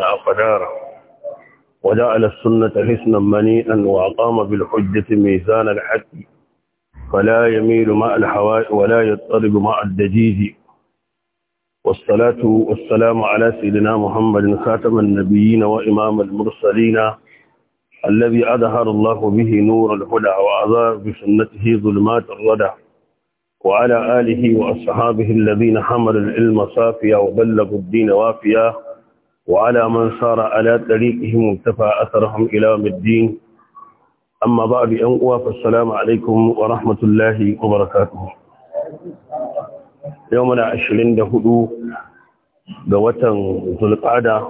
الفتنة فدارا وجعل السنة حسنا منيئا وأقام بالحجة ميزان الحق فلا يميل ماء الحوائج ولا يضطرب ماء الدجيج والصلاة والسلام على سيدنا محمد خاتم النبيين وإمام المرسلين الذي أظهر الله به نور الهدى وأظهر بسنته ظلمات الردى وعلى آله وأصحابه الذين حملوا العلم صافيا وبلغوا الدين وافيا وعلى من صار على طريقهم وانتفى أثرهم إلى الدين أما بعد أنقوى فالسلام عليكم ورحمة الله وبركاته يومنا عشرين دهدو دوتا ذو القعدة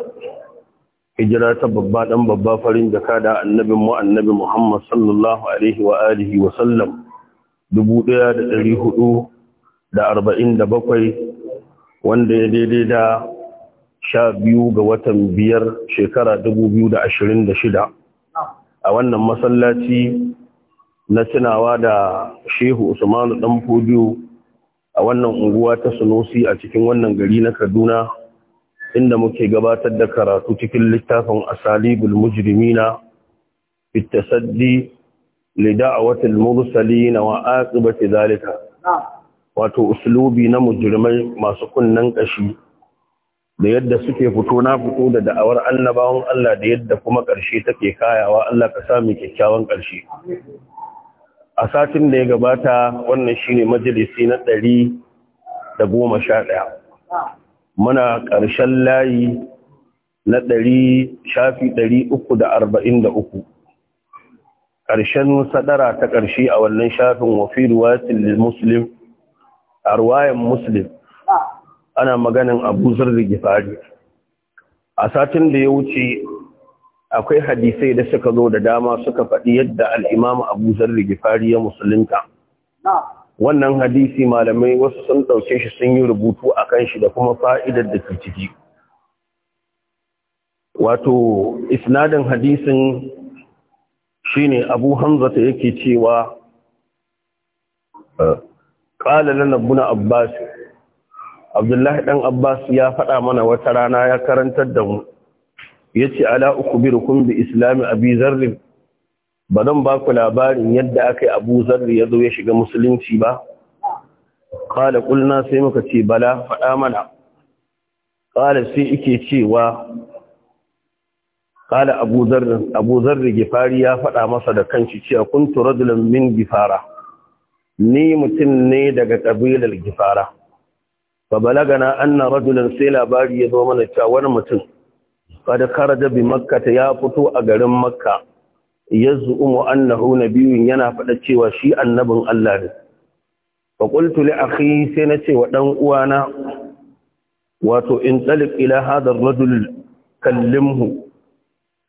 hijira ta babba dan babba farin jaka da annabin mu annabi Muhammad sallallahu alaihi wa alihi wa sallam 1447 wanda ya daidai da sha biyu ga watan biyar shekara dubu biyu da ashirin da shida a wannan masallaci na tunawa da shehu usmanu dan fodiyo a wannan unguwa ta sunusi a cikin wannan gari na kaduna inda muke gabatar da karatu cikin littafin asalibul mujrimina fit tasaddi mursalin wa aqibati zalika wato uslubi na mujrimai masu kunnen kashi da yadda suke fito na fito da da'awar annabawan Allah da yadda kuma ƙarshe take kayawa Allah ka sami kyakkyawan ƙarshe a satin da ya gabata wannan shine majalisi na ɗari da goma sha ɗaya muna ƙarshen layi na ɗari shafi ɗari uku da arba'in da uku ƙarshen sadara ta ƙarshe a wannan shafin wafi ruwatin muslim a ruwayan muslim ana maganin abu zarri gifari a satin da ya wuce akwai hadisai da suka zo da dama suka faɗi yadda al'imam abu zarri gifari ya musulunta wannan hadisi malamai wasu sun ɗauke shi sun yi rubutu a kan shi da kuma fa'idar da ke ciki wato isnadin hadisin shine abu hamzata yake cewa na buna abbas abdullahi ɗan abbas ya faɗa mana wata rana ya karantar da mu ya ce ala uku bi islami abu zarri ba don ba ku labarin yadda aka yi abu zarri ya zo ya shiga musulunci ba ƙala ƙulna sai muka ce bala faɗa mana kala sai ike cewa kala abu zarri gifari ya faɗa masa da kanshi cewa kuntu rajulan min gifara ni mutum ne daga kabilar gifara fa balagana anna rajulan sai labari ya zo mana cewa wani mutum kada kharaja bi makkata ya fito a garin makka yaz'umu annahu nabiyyun yana faɗa cewa shi annabin Allah ne fa qultu sai na ce wa dan uwana wato in tsali ila hadha ar-rajul kallimhu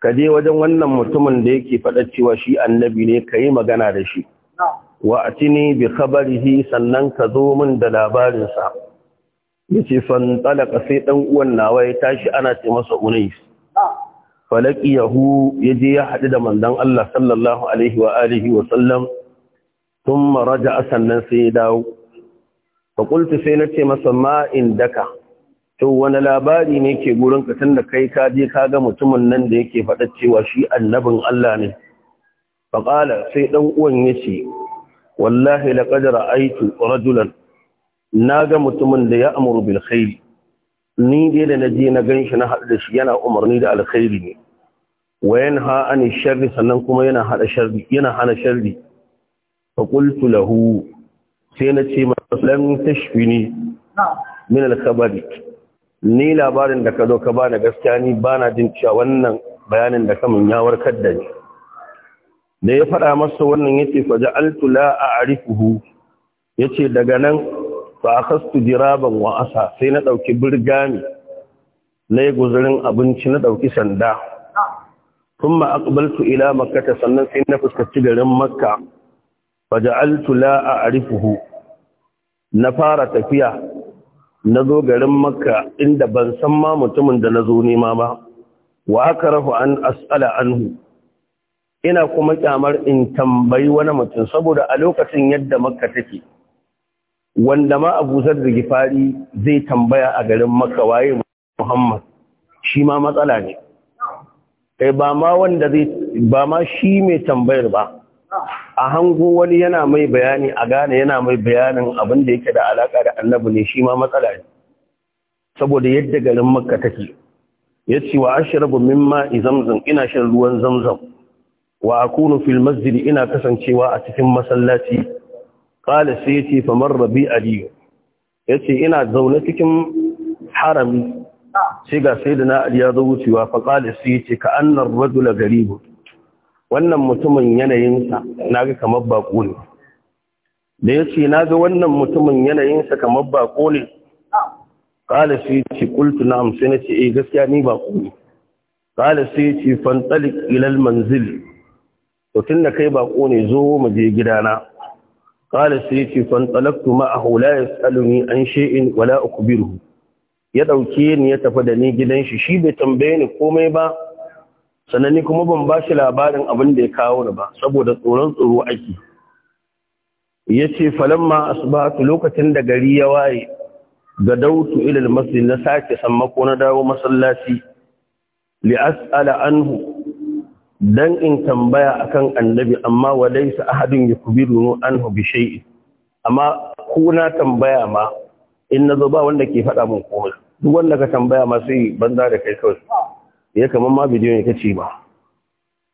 ka je wajen wannan mutumin da yake faɗa cewa shi annabi ne ka yi magana da shi wa atini bi khabarihi sannan ka zo min da labarinsa ya ce fantalaka sai ɗan uwan nawa ya tashi ana ce masa unais falaki yahu ya je ya haɗu da mandan Allah sallallahu alaihi wa alihi wa sallam tun maraja sannan sai ya dawo fakultu sai na ce masa ma daka to wani labari ne ke gurin ka tun da kai ka je ka ga mutumin nan da yake faɗa cewa shi annabin Allah ne faƙala sai ɗan uwan ya ce wallahi laƙadar aitu rajulan na ga mutumin da ya amuru bil khairi ni dai da na je na gan shi na haɗu da shi yana umarni da alkhairi ne wa yanha ne sharri sannan kuma yana hada sharri yana hana sharri fa qultu lahu sai na ce masa lam tashfini min alkhabari ni labarin da ka zo ka bani gaskiya ni bana jin cewa wannan bayanin da kamun ya warkar da ni da ya faɗa masa wannan yace fa ja'altu la a'rifuhu yace daga nan fa akhastu diraban wa asa sai na dauki birgami na yi guzurin abinci na dauki sanda thumma aqbaltu ila makata sannan sai na fuskaci garin makka la'a a a'rifuhu na fara tafiya na zo garin makka inda ban san ma mutumin da na zo nema ba wa rahu an as'ala anhu ina kuma kyamar in tambayi wani mutum saboda a lokacin yadda makka take wanda ma abu zar da gifari zai tambaya a garin makawaye muhammad shi ma matsala ne kai eh, ba ma wanda zai ba ma shi mai tambayar ba a hango wani yana mai bayani a gane yana mai bayanin abin da yake da alaka da annabi ne shi ma matsala ne saboda yadda garin makka take ya ce wa ashrabu mimma zamzam ina shan ruwan zamzam wa akunu fil masjid ina kasancewa a cikin masallaci qala sai yace famar rabi Ya ce ina zaune cikin harami sai ga sayyidina ali ya zo wucewa fa qala sai yace ka annar rajula garib wannan mutumin yanayinsa naga kamar bako ne da yace naga wannan mutumin yanayinsa kamar bako ne qala sai yace qultu na'am sai nace eh gaskiya ni bako ne qala sai ce fantalik ila al manzil to tunda kai bako ne zo mu je gidana qala sai ce, fan talaqtu ma'ahu la yasaluni an shay'in wala uku ukbiruhu ya ɗauke ni ya tafi da ni gidan shi shi bai tambaye ni komai ba sannan kuma ban bashi labarin abin da ya kawo ni ba saboda tsoron tsoro ake yace falamma asbahatu lokacin da gari ya waye ga dautu ilal masjid na sake sammako na dawo masallaci li as'ala anhu dan in tambaya akan annabi amma walaysa ahadun yakbiru anhu bi shay'in amma ko na tambaya ma in nazo ba wanda ke faɗa mun komai duk wanda ka tambaya ma sai banza da kai kawai ya kamar ma bidiyo ne kace ba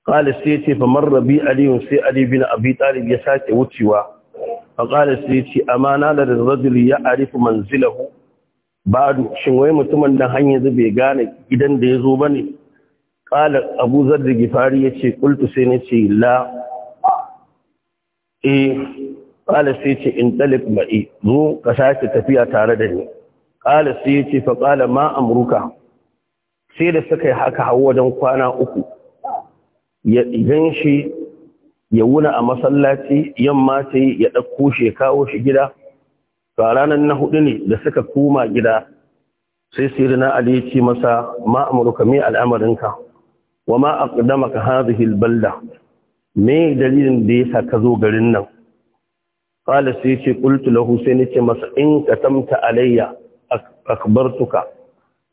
qala sai ce fa marrabi ali sai ali bin abi talib ya sake wucewa fa qala sai ce amana da rajul ya arifu manzilahu ba shin wai mutumin da hanyar bai gane gidan da ya zo bane ƙala abu zarda gifari ya ce ƙultu sai na ce la e eh, ƙala sai ce in ɗalib ma'i zo ka tafiya tare da ni ƙala sai ya ce fa ƙala ma sai da suka yi haka hau wajen kwana uku ya idan ya wuna a masallaci yamma ta yi ya ɗauko shi ya kawo shi gida to ranar na hudu ne da suka koma gida sai sirina ali ya ce masa ma amurka me al'amarinka wa ma ka hadhihi albalda me dalilin da yasa ka zo garin nan qala sai ce qultu lahu sai nace masa in ka tamta alayya akbartuka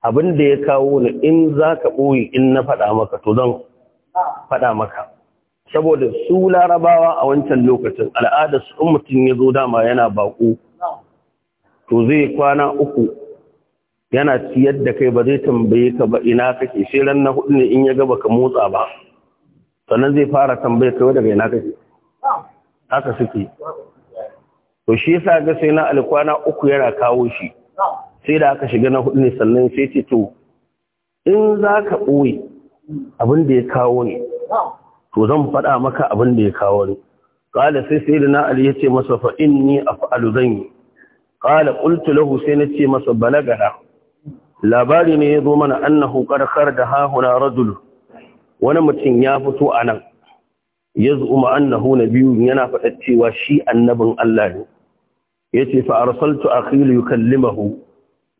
abin da ya kawo ni in zaka ɓoye in na faɗa maka to zan faɗa maka saboda su larabawa a wancan lokacin al'adar su in mutum ya zo dama yana baƙo to zai kwana uku yana ciyar da kai ba zai tambaye ka ba ina kake sai ran na hudu ne in ya gaba ka motsa ba sannan zai fara tambaye kai daga ina kake haka suke to shi yasa ga sai na alkwana uku yana kawo shi sai da aka shiga na hudu ne sannan sai ce to in za ka ɓoye abin da ya kawo ne to zan faɗa maka abin da ya kawo ne kala sai sai da na ali ya ce masa fa'in ni a fa'alu zan yi ƙala ƙultu lahu sai na ce masa balagara labari ne ya zo mana annahu karkar da hahuna rajul wani mutum ya fito a nan ya annahu na biyu yana faɗa cewa shi annabin Allah ne ya ce fa arsaltu kalli mahu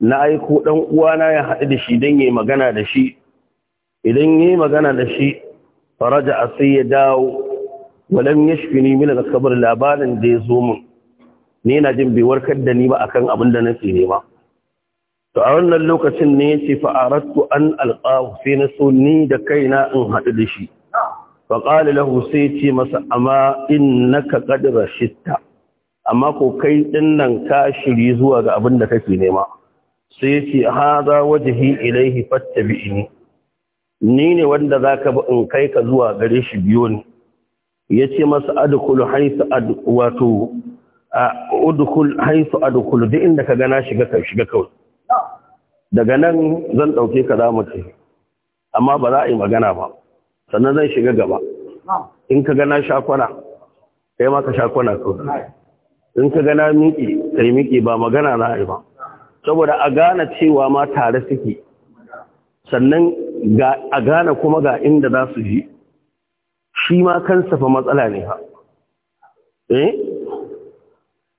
na aiko dan uwana ya haɗu da shi dan yayi magana da shi idan yayi magana da shi faraja sai ya dawo walam yashfini min al-khabar labarin da ya zo mun ne na jin bai warkar da ni ba akan abin da nake nema ba to a wannan lokacin ne yace fa an alqahu sai na so ni da kaina in haɗu da shi fa lahu sai ce masa amma innaka qad shitta amma ko kai din nan ka shiri zuwa ga abin da kake nema sai yace hadha wajhi ilayhi fattabi'ni ni ne wanda zaka bi in kai ka zuwa gare shi biyo ni yace masa adkhulu haythu ad wato udkhul haythu adkhulu duk inda ka gana shiga ka shiga kawai daga nan zan ɗauke ka za mu ce amma ba za a yi magana ba sannan zan shiga gaba in ka gana shakwana kai ma ka shakwana ko in ka gana miƙi kai miƙi ba magana za a yi ba saboda a gane cewa ma tare suke sannan a gane kuma ga inda za su ji shi ma kansa fa matsala ne ha eh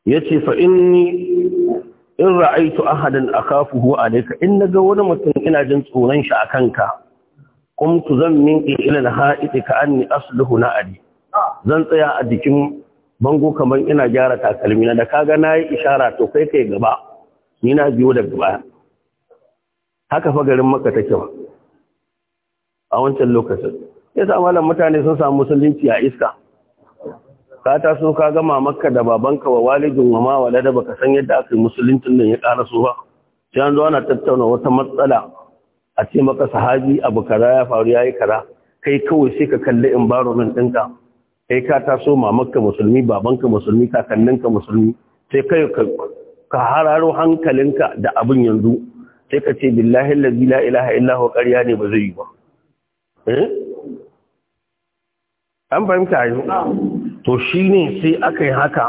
yace fa inni in ra'aitu ahadan akafuhu alayka in naga wani mutum ina jin tsoron shi akan ka qumtu zan minki ila al-ha'it ka anni asluhu na'ali zan tsaya a jikin bango kaman ina gyara takalmi na da kaga nayi ishara to kai kai gaba ni na biyo daga baya haka fa garin makka take wa a wancan lokacin sai malam mutane sun samu musulunci a iska ka taso ka gama makka da babanka wa walidin wa ma walada baka san yadda aka yi musuluntun nan ya ƙara so ba sai an zo ana tattauna wata matsala a ce maka sahabi abu kaza ya faru yayi kaza kai kawai sai ka kalli environment ɗinka kai ka taso mamakka musulmi babanka musulmi kakanninka musulmi sai kai ka hararo hankalinka da abin yanzu sai ka ce billahi allazi la ilaha illa huwa ƙarya ne ba zai yi ba eh an fahimta yau to shi ne sai aka yi haka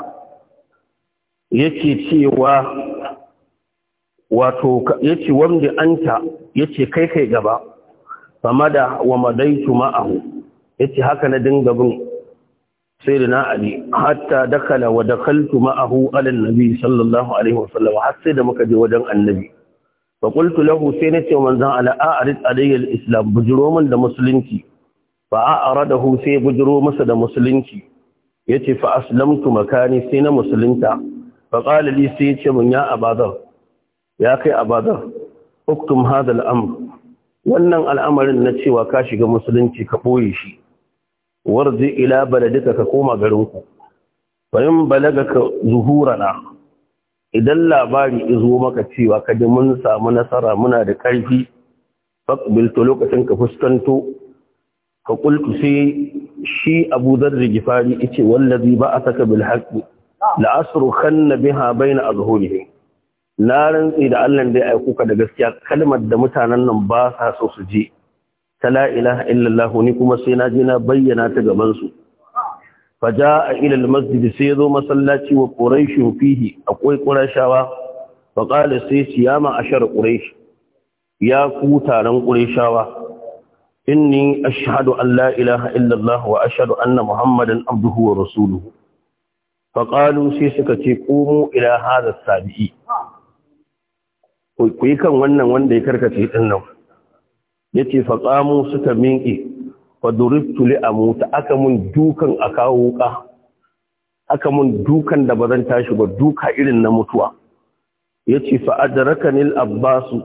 yake cewa wato yace wanda anta yace kai kai gaba famada wa madaitu ma'ahu ce haka na dinga bin sayyidina ali hatta dakala wa dakaltu ma'ahu ala Nabi sallallahu alaihi wasallam har sai da muka je wajen annabi fa qultu lahu sai nace manzon ala a'rid alayya al-islam bujiro man da musulunci fa a'radahu sai bujiro masa da musulunci Ya ce fa aslamtu makani sai na musulunta fa qala li sai yace mun ya abadar ya kai abadar uktum hadha al-amr wannan al'amarin na cewa ka shiga musulunci ka boye shi warzi ila baladika ka koma garin ku. fa in balagaka zuhurana idan labari izo maka cewa kaji mun samu nasara muna da ƙarfi faqbil to lokacin ka fuskanto Ka qultu sai shi Abu Dharr Gifari yace wallazi ba'athaka bil haqq la asrukhanna biha baina azhurihim na rantse da Allah da ya aiko ka da gaskiya kalmar da mutanen nan ba sa so su ji ta la illallah ni kuma sai na je na bayyana ta gaban su faja'a ila al-masjid sai zo masallaci wa quraish fihi akwai qurashawa fa qala sai siyama ashar quraish ya ku taron qurashawa inni ashhadu an la ilaha illallah wa ashhadu anna muhammadan abduhu wa rasuluhu faƙalu sai suka ce ƙomo ila haza sabi'i ku yi kan wannan wanda ya karkace ɗin nan ya ce faƙamu suka minƙe faduriftu li'amu ta aka mun dukan a kawo wuka aka mun dukan da ba zan tashi ba duka irin na mutuwa ya ce Rakanil abbasu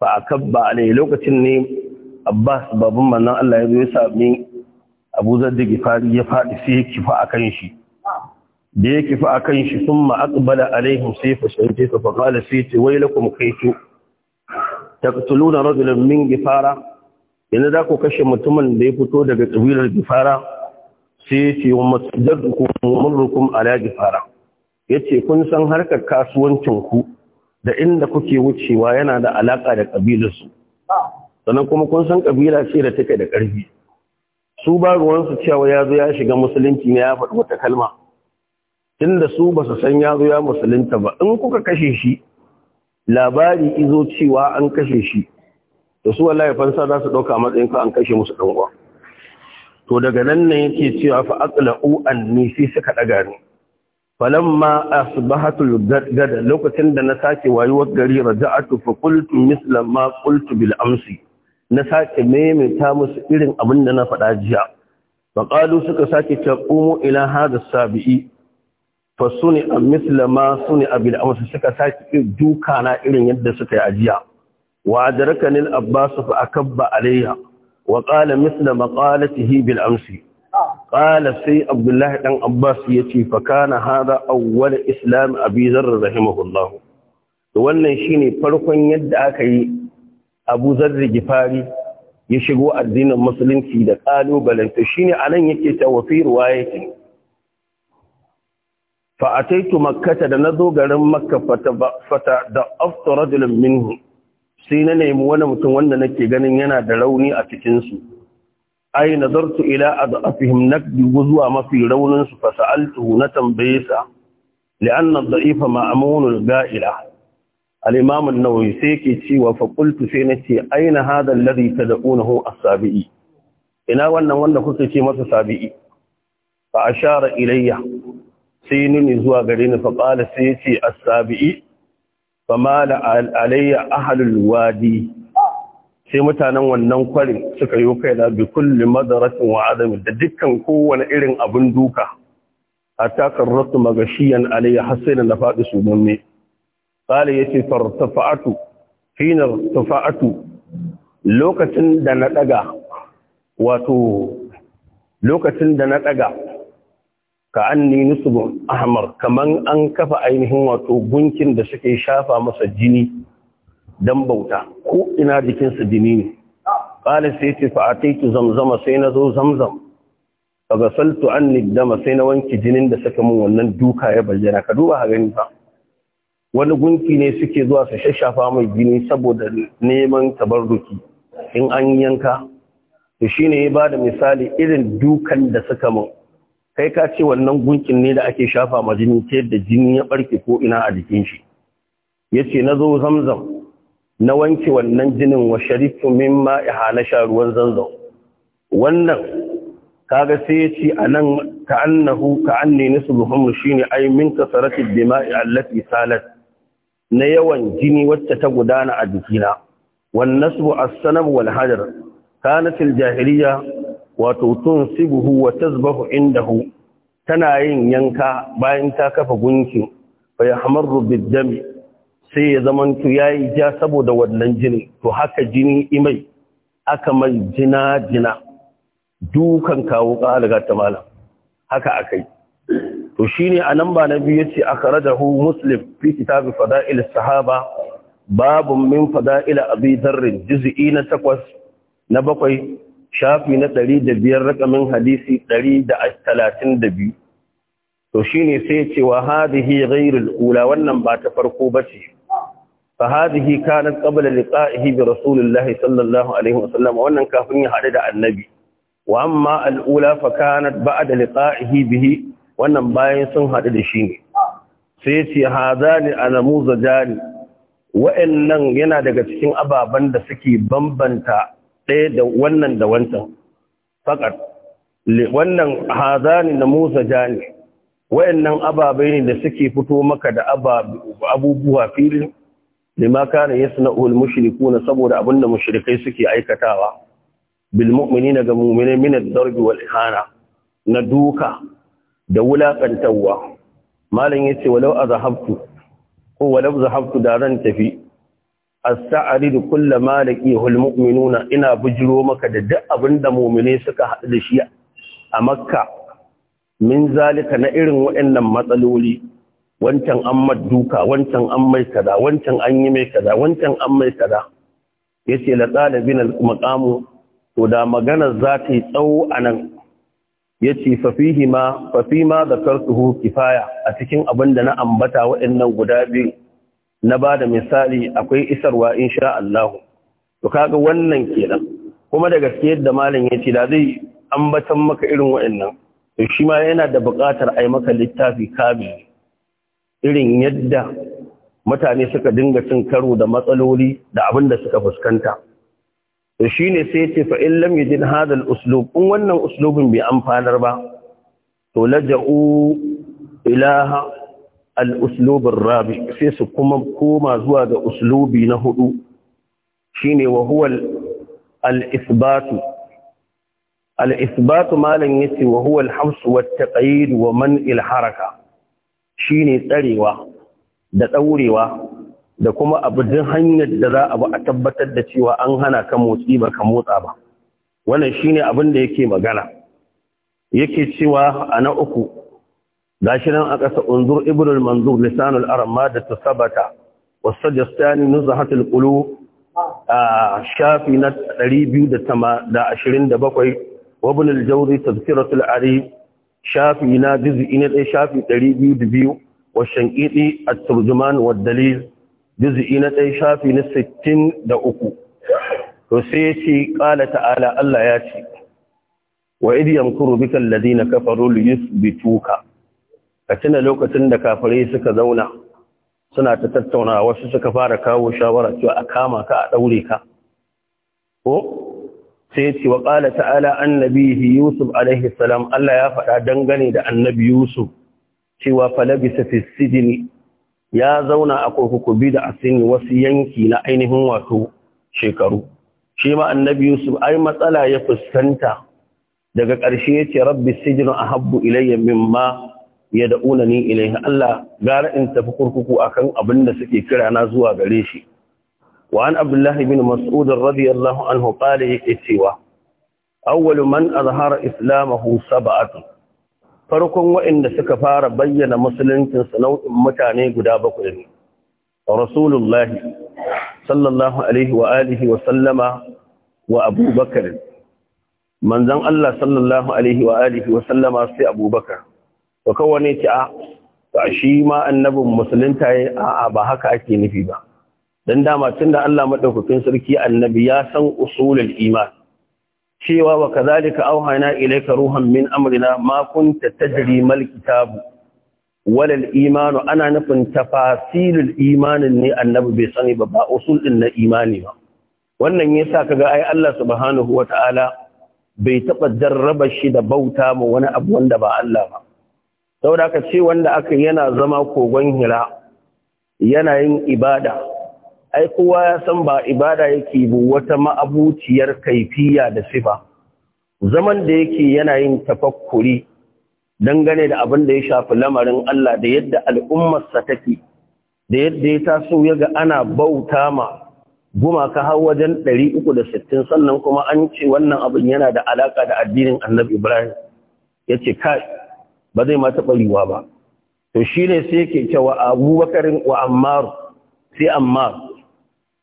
fa'akabba a ne lokacin ne abbas babban manan allah ya zo ya sami abu zadda gifari ya faɗi sai ya kifa a kan shi da ya kifa a kan shi sun ma'aƙbala alaihim sai fuskanci ka faƙala sai ce wai kaitu taqtulu na rajulun min gifara yanzu za ku kashe mutumin da ya fito daga ƙabilar gifara sai ya ce wa masjaddukum murrukum ala gifara ya ce kun san harkar kasuwancin ku da inda kuke wucewa yana da alaƙa da ƙabilarsu sannan kuma kun san kabila ce da take da ƙarfi su ba ruwansu cewa ya zo ya shiga musulunci ne ya faɗi wata kalma tunda su ba su san ya zo ya musulunta ba in kuka kashe shi labari izo cewa an kashe shi da su wallahi fansa za su ɗauka matsayin ka an kashe musu ɗan uwa to daga nan ne yake cewa fa aqla u an fi suka daga ni falamma asbahatu gada lokacin da na sake wayuwar gari raja'atu fa qultu misla ma qultu bil amsi na sake maimaita musu irin abin da na faɗa jiya faƙalu suka sake ta ƙumu ila hada sabi'i fa suni a mislama suni a bid'amsu suka sake duka na irin yadda suka yi ajiya wa adraka nil abbas fa akabba alayya wa qala misla maqalatihi bil amsi qala sai abdullah dan abbas yace fa kana hada awwal islam abi zarr rahimahullah wannan shine farkon yadda aka yi abu zarri gifari ya shigo addinin musulunci da ƙalubalanta shi ne a nan yake tawafi ruwayatin fa'ataitu makkata da na zo garin makka fata da afta minhu sai na nemi wani mutum wanda nake ganin yana da rauni a cikinsu ai nazartu ila adafihim na dubu zuwa mafi rauninsu fasa'altuhu na tambaye sa li'anna da'ifa ma'amunul ga'ila al-imam sai yake cewa fa sai na ce aina hadha alladhi tad'unahu a sabii ina wannan wanda kuke ce masa sabi'i fa ashara ilayya sai nuni zuwa gare ni fa qala sai yace as-sabi'i fama da alayya ahalin wadi sai mutanen wannan kwarin suka yi kai da kulli madaratin wa adami da dukkan kowane irin abun duka a takarratu magashiyan alayya har sai da na faɗi sunan قال يتي فارتفعت حين ارتفعت lokacin da na ɗaga wato lokacin da na ɗaga ka an ni nusubun kaman an kafa ainihin wato gunkin da suke shafa masa jini don bauta ko ina jikinsa jini ne ƙalis sai ce fa'ataitu zamzama sai na zo zamzam daga saltu an dama sai na wanke jinin da saka mun wannan duka ya bayyana ka duba ha gani ba wani gunki ne suke zuwa su shashafa mai gini saboda neman tabarruki in an yanka to shine ya bada misali irin dukan da suka mu kai ka ce wannan gunkin ne da ake shafa ma jini ta yadda jini ya barke ko ina a jikin shi yace zo zamzam na wanke wannan jinin wa sharifu mimma ihala sha ruwan zanzam wannan kaga sai ya ce anan ka annahu ka shine ay min kasarati dima'i allati salat na yawan jini wacce ta gudana a jikina wan nasbu as-sanam wal hajar kanat al-jahiliya wato tunsibuhu wa tazbahu indahu tana yin yanka bayan ta kafa gunkin fa yahmaru bid dam sai ya zamanto yayi ja saboda wannan jini to haka jini imai aka mai jina jina dukan kawo ƙalaga ta malam haka akai to ne a namba na biyu yace rada muslim fi kitabi fada'il sahaba babu min fada'il abi dharr juz'i na takwas, na bakwai shafi na ɗari da biyar rakamin hadisi biyu. to shine sai ce wa hadhihi ghayrul ula wannan ba ta farko bace fa hadhihi kanat qabla liqa'ihi bi rasulillahi sallallahu alaihi wasallam wannan kafin ya haɗu da annabi wa amma al ula fa kanat ba'da liqa'ihi bihi wannan bayan sun haɗu da shi ne sai ce haza hazani alamu zajani wa'annan yana daga cikin ababen da suke bambanta ɗaya da wannan da wancan fakat wannan ne na musa jani wa'annan ababai ne da suke fito maka da abubuwa filin suna kana yasna'ul mushrikuna saboda abinda mushrikai suke aikatawa bilmu'mini na ga mu'minai minar wal'ihana na duka da wulaƙantarwa malam ya ce walau a zahabtu ko walau zahabtu da zan tafi A da kulla malaki hulmumi nuna ina bujiro maka da duk abin da suka haɗu da shi a makka min zalika na irin waɗannan matsaloli wancan an maduka, wancan an mai kaza wancan an yi mai kaza wancan an mai kaza yace la talibin al maqamu to da maganar za ta yi tsawo a nan. ya ce fafihi ma fafi ma da karsuhu kifaya a cikin abin da na ambata waɗannan guda biyu na ba da misali akwai isarwa insha Allah to kaga wannan kenan kuma da gaske yadda malam ya ce da zai ambatan maka irin waɗannan to shi ma yana da buƙatar ai maka littafi kabi irin yadda mutane suka dinga cin karo da matsaloli da abin da suka fuskanta to shine sai ce fa in lam yajid uslub in wannan uslubin bai amfanar ba to laja'u ila al rabi sai su kuma koma zuwa ga uslubi na hudu shine wa huwa Al'isbatu. Al'isbatu al yace wa huwa ƙaidu hafs wa man al-haraka shine tsarewa da ɗaurewa da kuma abu hanyar da za a ba a tabbatar da cewa an hana ka motsi ba ka motsa ba wannan shine abin da yake magana yake cewa a na uku gashi nan a ƙasa unzur al manzur lisanul arama da tasabata wasajastani nuzahatul qulub a shafi na 227 wabin aljauri tazkiratul arif shafi na dizi ina dai shafi 202 wa shankidi at-turjuman wa dalil juz'i na ɗaya shafi na sittin da uku to sai ya ce ƙala ta'ala Allah ya ce wa idh yamkuru bika alladhina kafaru li yuthbituka ka tuna lokacin da kafirai suka zauna suna ta tattaunawa wasu suka fara kawo shawara cewa a kama ka a daure ka ko sai ce wa ta'ala annabihi Yusuf alaihi salam Allah ya faɗa dangane da annabi Yusuf cewa falabisa fi sidini ya zauna a kurkuku bi da asini wasu yanki na ainihin wato shekaru shi ma annabi yusuf ai matsala ya fuskanta daga ƙarshe ya ce rabbi sijinu a habbu ilayya mimma ya da'una ni ilai. Allah gara in tafi kurkuku akan abin da suke kira na zuwa gare shi wa an abdullahi bin mas'ud radiyallahu anhu qala yake cewa awwalu man azhara islamahu sab'atun farkon waɗanda suka fara bayyana musuluncinsu nau'in mutane guda bakwai ne rasulullahi sallallahu alaihi wa alihi wa sallama wa abubakar manzan Allah sallallahu alaihi wa alihi wa sallama sai abubakar to kowane ce a shi ma annabin musulunta ya a'a ba haka ake nufi ba dan dama tunda Allah madaukakin sarki annabi ya san usulul iman cewa wa kazalika auhana ilayka ruhan min amrina ma kunta tajri mal kitabu wal imanu ana nufin tafasilul imanin ne annabi bai sani ba ba usul din na imani ba wannan yasa kaga ai Allah subhanahu wataala bai taba jarraba shi da bauta mu wani abu wanda ba Allah ba saboda ka ce wanda aka yana zama kogon hira yana yin ibada ai kowa ya san ba ibada yake bu wata ma'abuciyar kaifiya da sifa zaman da yake yana yin tafakkuri dangane da abin da ya shafi lamarin Allah da yadda al'ummarsa take da yadda ya taso ya ga ana bauta ma gumaka har wajen 360 sannan kuma an ce wannan abin yana da alaka da addinin annabi Ibrahim ya ce kai ba zai ma taɓa riwa ba to shi ne sai yake cewa abubakarin wa ammaru sai ammar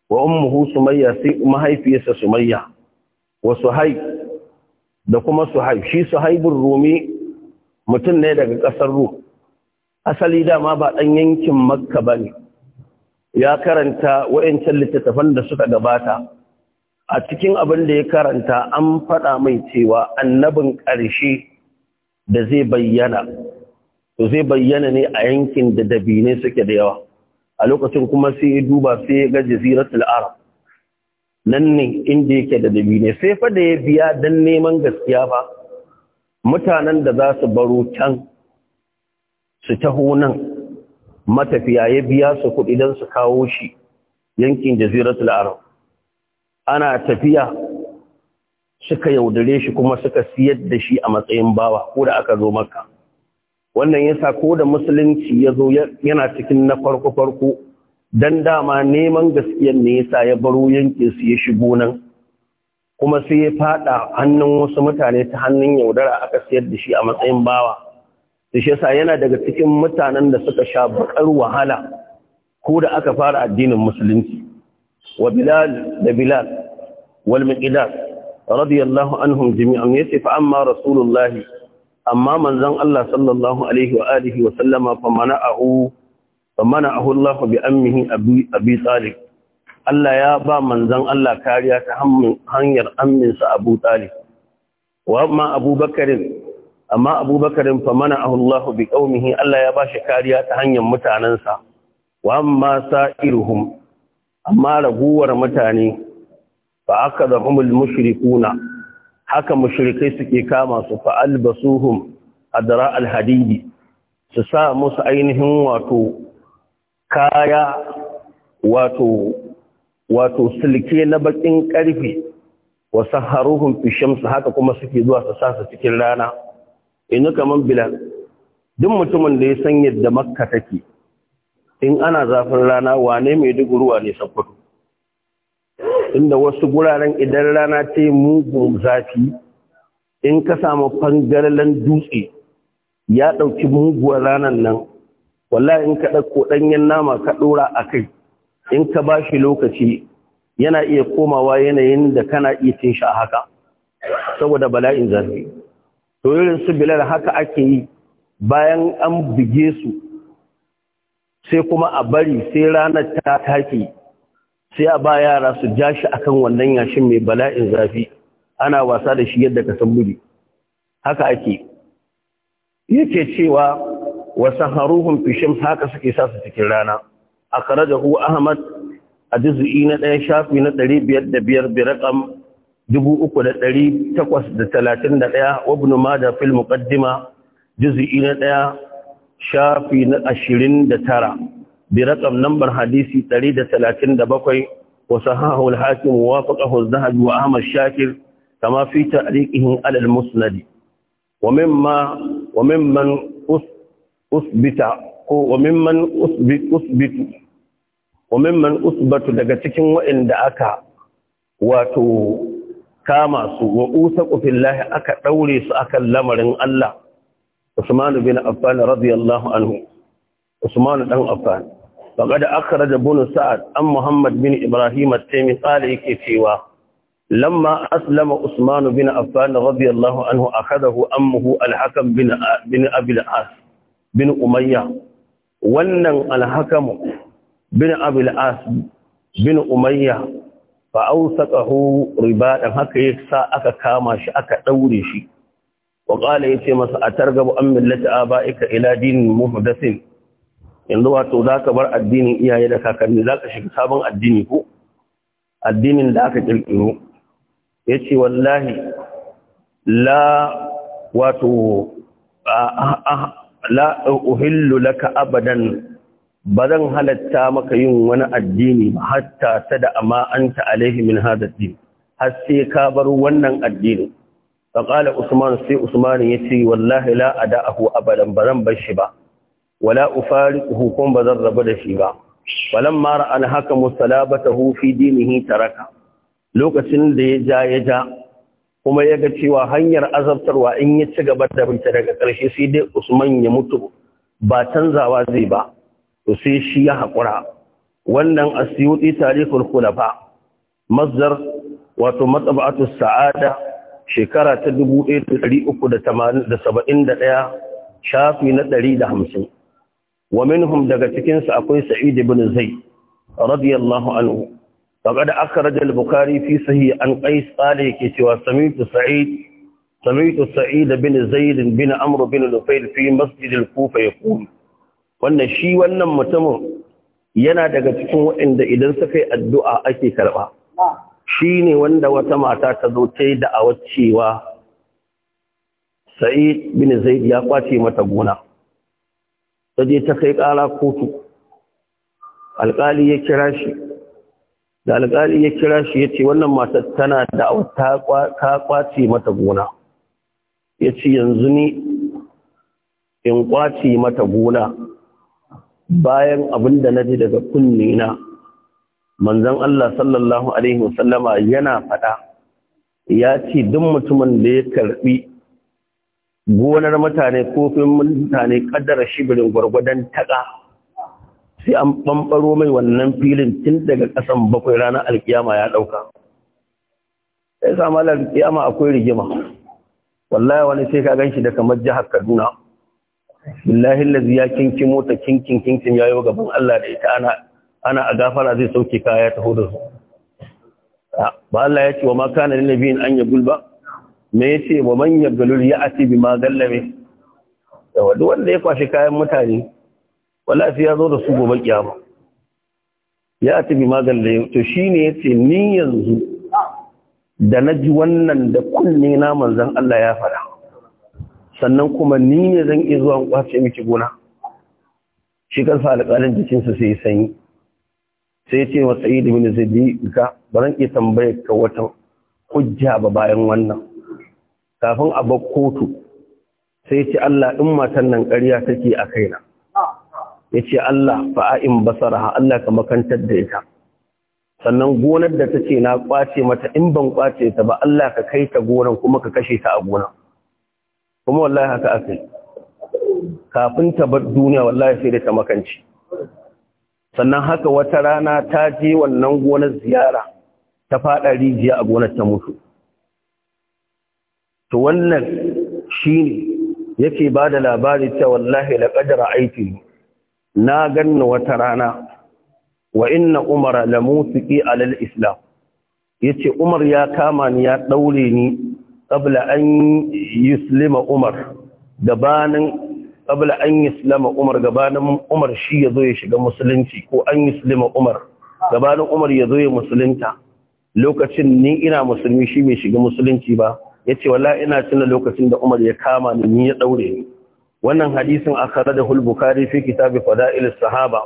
wa ummuhu sumayya sai mahaifiyarsa sumayya wa suhaib da kuma suhaib shi suhaibun rumi mutum ne daga ƙasar Ru. asali dama ba ɗan yankin makka ba ne ya karanta wa'yancan littattafan da suka gabata a cikin abin da ya karanta an faɗa mai cewa annabin ƙarshe da zai bayyana to zai bayyana ne a yankin da dabine suke da yawa a lokacin kuma sai ya duba sai ya ga jaziratul arab nan ne inda yake da dabi ne sai fa da ya biya dan neman gaskiya ba mutanen da za su baro can su taho nan matafiya ya biya su kuɗi don su kawo shi yankin jaziratul arab ana tafiya suka yaudare shi kuma suka siyar da shi a matsayin bawa ko da aka zo maka wannan yasa ko da musulunci ya zo yana cikin na farko farko don dama neman gaskiyar ne yasa ya baro yanke su ya shigo nan kuma sai ya fada hannun wasu mutane ta hannun yaudara aka sayar da shi a matsayin bawa da shi yasa yana daga cikin mutanen da suka sha bakar wahala ko da aka fara addinin musulunci wa bilal da bilal wal miqdad radiyallahu anhum jami'an yace fa amma rasulullahi amma manzon Allah sallallahu alaihi wa alihi wa sallama fa mana'ahu fa mana'ahu Allah bi ammihi abi abi talib Allah ya ba manzon Allah kariya ta hanyar amminsa Abu Talib wa amma Abu Bakarin amma Abu Bakarin fa mana'ahu Allah bi qaumihi Allah ya ba shi kariya ta hanyar mutanansa wa amma sa'iruhum amma raguwar mutane fa akadahumul mushrikuna haka mushrikai suke kama su fa albasuhum adra alhadidi su sa musu ainihin wato kaya wato wato silke na bakin karfe wa saharuhum fi shams haka kuma suke zuwa su sa su cikin rana inu kaman bilal duk mutumin da ya san yadda makka take in ana zafin rana wane mai duguruwa ne sabbato? inda wasu guraren idan rana ta yi mugun zafi in ka samu fangaralen dutse ya ɗauki muguwar ranar nan wallahi in ka ɗauko ɗanyen nama ka ɗora a kai in ka ba shi lokaci yana iya komawa yanayin da kana iya cin shi a haka saboda bala'in zafi to irin su bilal haka ake yi bayan an buge su sai kuma a bari sai ranar ta take sai a ba yara su ja shi a kan wannan yashin mai bala'in zafi ana wasa da shi yadda ka san buri haka ake yake cewa wasan haruhun fishin haka suke sa su cikin rana a kare da hu ahmad a juzu'i na ɗaya shafi na ɗari biyar da biyar bi raƙam dubu uku da ɗari takwas da talatin da ɗaya wabnu ma da fil muƙaddima juzu'i na ɗaya shafi na ashirin da tara برقم نمبر حديثي تريد ثلاثين دبقي وصححه الحاكم ووافقه الذهبي وأحمد الشاكر كما في تعليقه على المسند ومما وممن أثبت وممن أثبت أثبت وممن أثبت daga cikin waɗanda aka wato kama su wa usaqu fillahi aka daure su akan lamarin Allah Usman bin Affan radiyallahu anhu usman dan affan faqad akhraja ibn sa'ad an muhammad bin ibrahim at-taymi qala yake cewa lamma aslama usman bin affan radiyallahu anhu akhadahu ammuhu al-hakam bin bin abi al-as bin umayya wannan al bin abi al-as bin umayya fa awsaqahu ribadan haka yasa aka kama shi aka ɗaure shi waƙala وقال يتي a أترغب أن ملة آبائك إلى دين محدث yanzu wato za ka bar addinin iyaye da kakanni za ka shiga sabon addini ko addinin da aka kirkiro ya ce wallahi la wato la uhillu laka abadan ba zan halatta maka yin wani addini ba hatta ta da amma an alaihi min hada din har sai ka bar wannan addini fa qala usman sai usman ya ce wallahi la ada'ahu abadan ba zan bar shi ba wala hukun ba bazan rabu da shi ba mara ra'an haka musalabatahu fi dinihi taraka lokacin da ya ja ya ja kuma ya ga cewa hanyar azabtarwa in ya ci gaba da binta daga ƙarshe sai dai Usman ya mutu ba canzawa zai ba to sai shi ya haƙura wannan asiyudi tarihul khulafa mazdar wato matsaba'atu sa'ada shekara ta 1371 shafi na 150 wa minhum daga cikin su akwai sa'id ibn zaid radiyallahu anhu faqad akhraj al-bukhari fi sahih an qais qala yake cewa sami'tu sa'id sami'tu sa'id bin zaid bin amr bin nufayl fi masjid al-kufa yaqul wannan shi wannan mutumin yana daga cikin waɗanda idan suka yi addu'a ake karba shi ne wanda wata mata ta zo ta yi da'awar cewa sa'id bin zaid ya kwace mata gona ta ta kai ƙara kotu alƙali ya kira shi da alƙali ya kira shi ya ce wannan matar tana da ta kwace mata gona ya ce yanzu ni in kwace mata gona bayan abin da na daga kunne na manzon Allah sallallahu alaihi wasallama yana faɗa ya ce duk mutumin da ya karɓi gonar mutane kofin mutane kaddara shibirin gwargwadon taƙa sai an ɓamɓaro mai wannan filin tun daga ƙasan bakwai ranar alkiyama ya ɗauka sai sama alkiyama akwai rigima wallahi wani sai ka gan shi da kamar jihar kaduna billahi lazi ya kinkin mota kinkin kinkin yayo gaban allah da ita ana a gafara zai sauke kaya ta hudu ba Allah ya ce wa ma kana na nabiyin an yi gulba? me yace wa man ya ya'ti ma gallame Da duk wanda ya kwashe kayan mutane Wala sai ya zo da su gobe Ya ya'ti ma gallame to shi ne ya ce ni yanzu da na ji wannan da kunne na manzan Allah ya fara sannan kuma ni ne zan iya zuwa kwace miki gona shi sa alƙalin jikinsa sai sanyi sai ya ce wa sa'id bin zabi ka ba zan iya tambayar ka wata hujja ba bayan wannan kafin a bar kotu sai ce Allah in matan nan ƙarya take a kaina ya ce Allah in basara Allah ka makantar da ita sannan gonar da ta na ƙwace mata in ban ƙwace ta ba Allah ka kai ta gonar kuma ka kashe ta a gonar kuma wallahi haka a kai kafin ta bar duniya wallahi sai da ta makanci sannan haka wata rana ta je wannan gonar ziyara ta faɗa rijiya a gonar ta mutu to wannan shine yake ba da labari ta wallahi laqad ra'aytu na ganna wata rana wa inna umara lamusiqi alal islam yace umar ya kama ni ya daure ni qabla an yuslima umar gabanin qabla an yuslima umar gabanin umar shi yazo ya shiga musulunci ko an yuslima umar gabanin umar yazo ya musulunta lokacin ni ina musulmi shi bai shiga musulunci ba ya ce wala ina tuna lokacin da umar ya kama ni ni ya daure ni wannan hadisin akara da hulbukari fi kitabi fada'il sahaba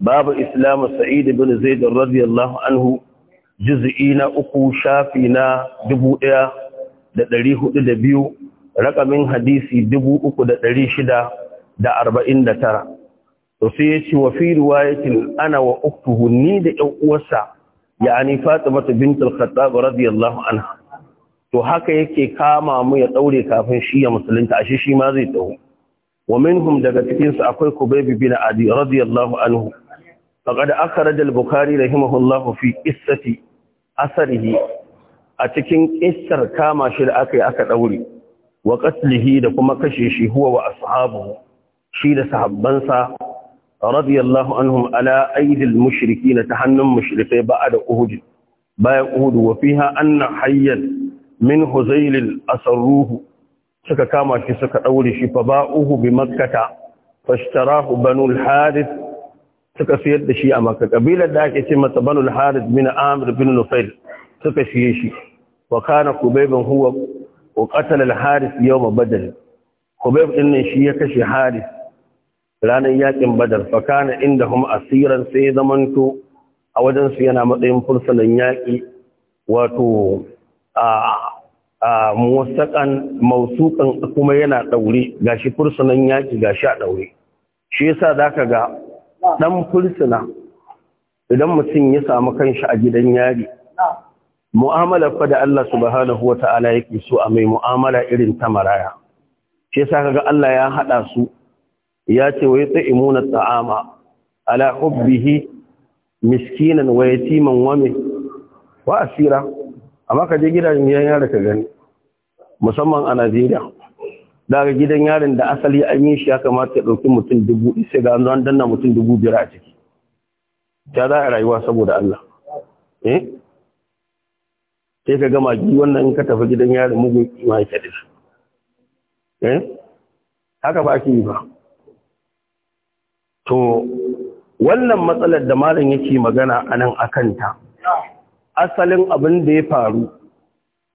babu islam sa'id bin zaid radiyallahu anhu juz'i na uku shafi na dubu ɗaya da ɗari hudu da biyu rakamin hadisi dubu uku da ɗari shida da arba'in da tara to sai ya ce wa fi riwayatin ana wa uktuhu ni da ƴan uwarsa ya'ani fatima bint al-khattab radiyallahu anha to haka yake kama mu ya daure kafin shi ya musulunta ashe shi ma zai dawo wa minhum daga cikin su akwai kubayb bin adi radiyallahu anhu faqad akhraj al-bukhari rahimahullahu fi qissati asarihi a cikin qissar kama shi da aka yi aka daure wa qatlihi da kuma kashe shi huwa wa shi da sahabbansa radiyallahu anhum ala aidil mushrikin ta hannun mushrikai ba'da uhud bayan uhud wa fiha anna hayyan min huzailil asarruhu suka kama shi suka daure shi fa ba'uhu bi makkata fashtarahu banu al-harith suka siyar da shi a makka kabilar da ake ce mata banu al-harith bin amr bin nufail suka siye shi wa kana kubaybun huwa wa qatala al-harith yawm badr kubayb din ne shi ya kashe harith ranar yakin badar fa kana indahum asiran sai zamanto a wajen su yana matsayin fursunan yaki wato muwasaƙan mausukan kuma yana ɗaure ga shi fursunan yaƙi ga shi a ɗaure shi yasa za ka ga ɗan fursuna idan mutum ya samu kanshi a gidan yari mu'amala fa da Allah subhanahu wata'ala yake so a mai mu'amala irin ta maraya shi ka ga Allah ya haɗa su ya ce wa yut'imuna ta'ama ala hubbihi miskinan wa yatiman wa wa asira amma ka je gidajen yayin yaron ka gani musamman a najeriya daga gidan yarin da asali an yi shi ya kamata ya ɗauki mutum dubu sai ga an danna mutum dubu biyar a ciki ta za a rayuwa saboda allah eh sai ka gama ji wannan in ka tafi gidan yarin mugun kima yake eh haka ba ake yi ba to wannan matsalar da malam yake magana a nan akanta asalin abin da ya faru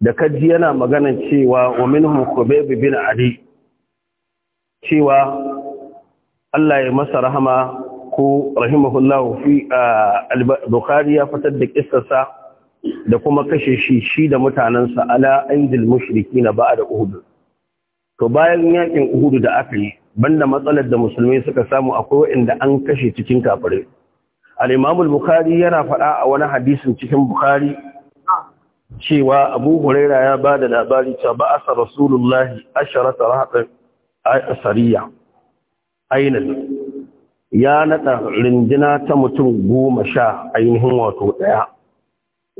da kaji yana magana cewa wa minhu khubayb bin ali cewa Allah ya masa rahama ko rahimahullahu fi al-bukhari ya fitar da kissarsa da kuma kashe shi shi da mutanansa ala aidil ba da uhud to bayan yakin Uhudu da aka banda matsalar da musulmai suka samu akwai wanda an kashe cikin kafirai al'imamul bukari yana faɗa a wani hadisin cikin bukari cewa abu huraira ya ba da labari ta ba a sa rasulullahi asharata rahatar asariya ainihin ya naɗa rindina ta mutum goma sha ainihin wato ɗaya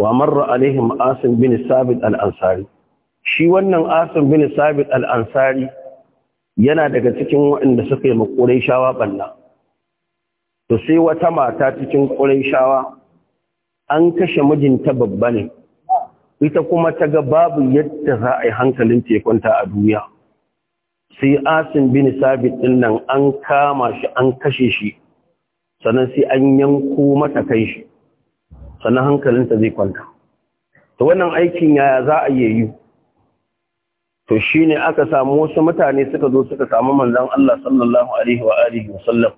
wa marra alaihim asin bin sabit al'ansari shi wannan asin bin sabit al'ansari yana daga cikin waɗanda suka yi makurai shawa banna. to sai wata mata cikin ƙurayshawa an kashe mijinta babba ne ita kuma ta ga babu yadda za a yi hankalin tekunta a duniya sai asin bin sabit din nan an kama shi an kashe shi sannan sai an yanko mata kai shi sannan hankalinta zai kwanta to wannan aikin yaya za a yi to shine aka samu wasu mutane suka zo suka samu manzon Allah sallallahu alaihi wa alihi wa sallam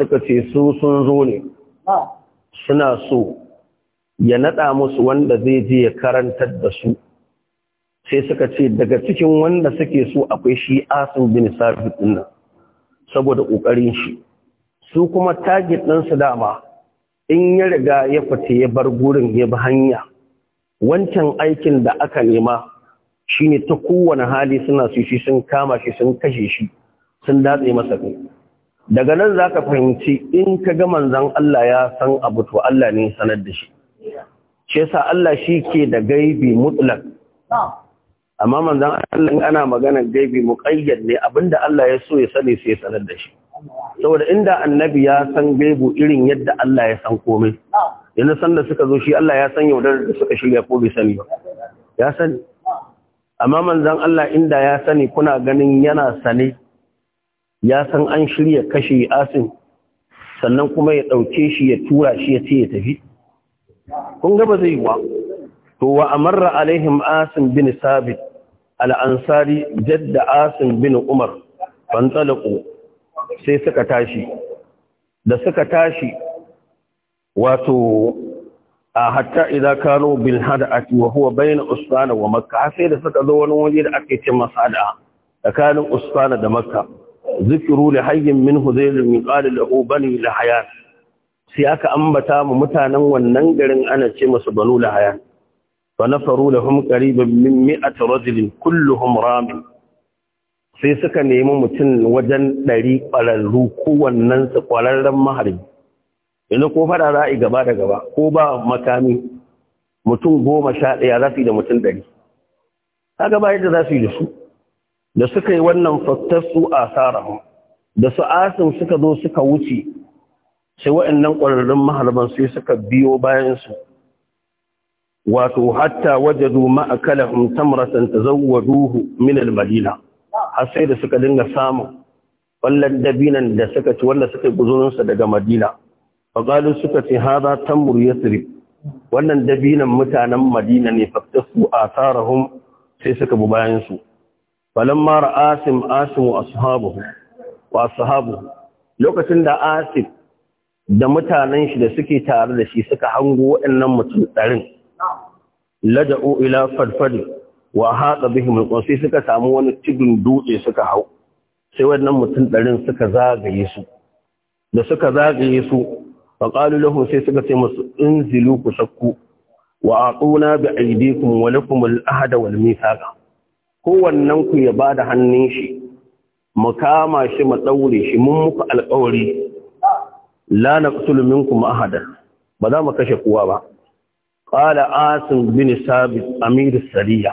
suka ce su sun zo ne suna so ya naɗa musu wanda zai je ya karantar da su sai suka ce daga cikin wanda suke so akwai shi asin bin sabit nan saboda ƙoƙarin shi su kuma target ɗinsu dama in ya riga ya fita ya bar gurin ya bi hanya wancan aikin da aka nema shine ta kowane hali suna su shi sun kama shi sun kashe shi sun datse masa kai daga nan za ka fahimci in ka ga manzan Allah ya san abu to Allah ne sanar da shi ce sa Allah shi ke da gaibi mutlak amma manzan Allah ana magana gaibi mukayyad ne abinda Allah ya so ya sani sai sanar da shi saboda inda annabi ya san gaibu irin yadda Allah ya san komai yana san da suka zo shi Allah ya san yaudar da suka shirya ko bai sani ba ya sani amma manzan Allah inda ya sani kuna ganin yana sane ya san an shirya kashe asin sannan kuma ya ɗauke shi ya tura shi ya ce ya tafi kun gaba zai wa to wa amarra alaihim asin bin sabit al'ansari jadda asin bin umar fantsalaku sai suka tashi da suka tashi wato a hatta idan kano bin a wa huwa bayan usmana wa makka sai da suka zo wani waje da ake ce masa da tsakanin usmana da makka zikiru da hayyin min huzairin min qali lahu bani lahayan sai aka ambata mu mutanen wannan garin ana ce masu banu lahayan fa nafaru lahum qariban min mi'ati rajulin kulluhum ramin sai suka nemi mutum wajen ɗari ƙwararru kowannan su ƙwararren maharbi yanzu ko fara za gaba da gaba ko ba makami mutum goma sha ɗaya za su yi da mutum ɗari kaga ba yadda za su yi da su da suka yi wannan faktasu hu, da su asin suka zo suka wuce sai waɗannan ƙwararrun maharban sai suka biyo bayansu wato hatta waje a ma'akalahum tamratan tazawwaduhu ruhu minal madina har sai da suka dinga samun wallan dabinan da suka ci wanda suka yi daga madina faqalu suka ce hada ya tsiri." wannan dabinan mutanen madina ne faktasu asarahum sai suka bi bayansu falamma ra'asim asim wa ashabuhu wa ashabuhu lokacin da asif da mutanen shi da suke tare da shi suka hango waɗannan mutum ɗarin lada'u ila farfadi wa haɗa bihim alqasi suka samu wani cibin dutse suka hau sai waɗannan mutum ɗarin suka zagaye su da suka zagaye su fa qalu sai suka ce musu inzilu ku sakku wa aquna bi aydikum wa lakum al ahda wal mithaqa kowannen ku ya ba da hannun shi mu kama shi mu ɗaure shi mun muku alƙawari la naqtulu minkum ahadan ba za mu kashe kowa ba ƙala asim bin sabit amir sariya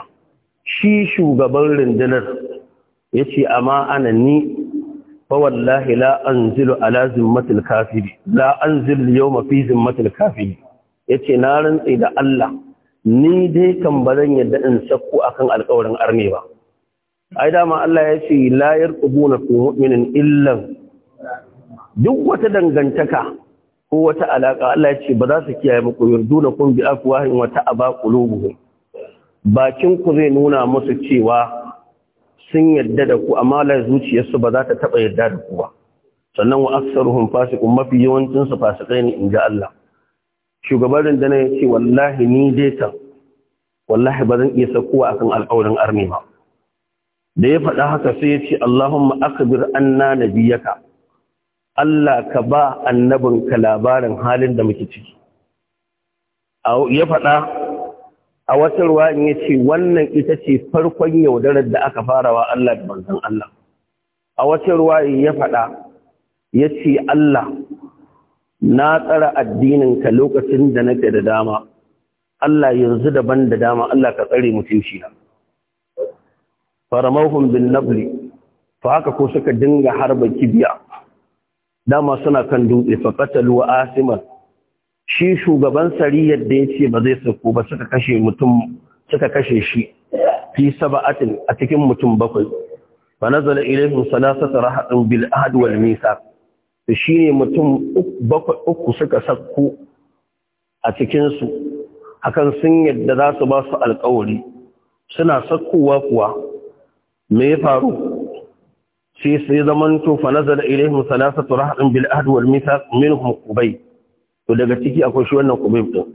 shi shugaban rundunar yace amma ana ni fa wallahi la anzilu ala zimmatil kafiri la anzilu yawma fi zimmatil kafiri yace na rantsi da Allah ni dai kan ba zan yadda in sakko akan alƙawarin arme ba ai dama Allah ya ce la yarqubuna fi mu'minin illa duk wata dangantaka ko wata alaka Allah ya ce ba za su kiyaye muku yurduna kun bi afwahin wa ta'aba qulubuhum bakin ku zai nuna musu cewa sun yadda da ku amma la zuciyarsu ba za ta taba yadda da ku ba sannan wa aktsaruhum fasiqun mafi yawancin su fasikai ne inji Allah shugaban rundana ya ce wallahi ni dai ta wallahi ba zan iya sakuwa akan alƙawarin arni ba da ya faɗa haka sai ya ce Allahumma akbir anna nabiyaka Allah ka ba annabin ka labarin halin da muke ciki ya faɗa a wata ruwa in ya ce wannan ita ce farkon yaudarar da aka farawa Allah da manzon Allah a wata ruwa ya faɗa ya ce Allah na tsara addininka lokacin da nake da dama Allah yanzu daban da dama Allah ka tsare mutunci na faramauhum bin nabli fa haka ko suka dinga harba kibiya dama suna kan dutse fa qatalu asimar. shi shugaban sariyar da yace ba zai sako ba suka kashe mutum suka kashe shi fi sab'atin a cikin mutum bakwai fa nazala ilayhim salasatu rahatun bil ahd wal misaq da shi ne mutum uku suka sakko a cikinsu akan sun yadda za su ba su alkawari suna sakkowa kuwa me ya faru sai sai zaman to na nazara ilaihim salasatu rahadin bil ahd wal mita min qubay to daga ciki akwai shi wannan qubay din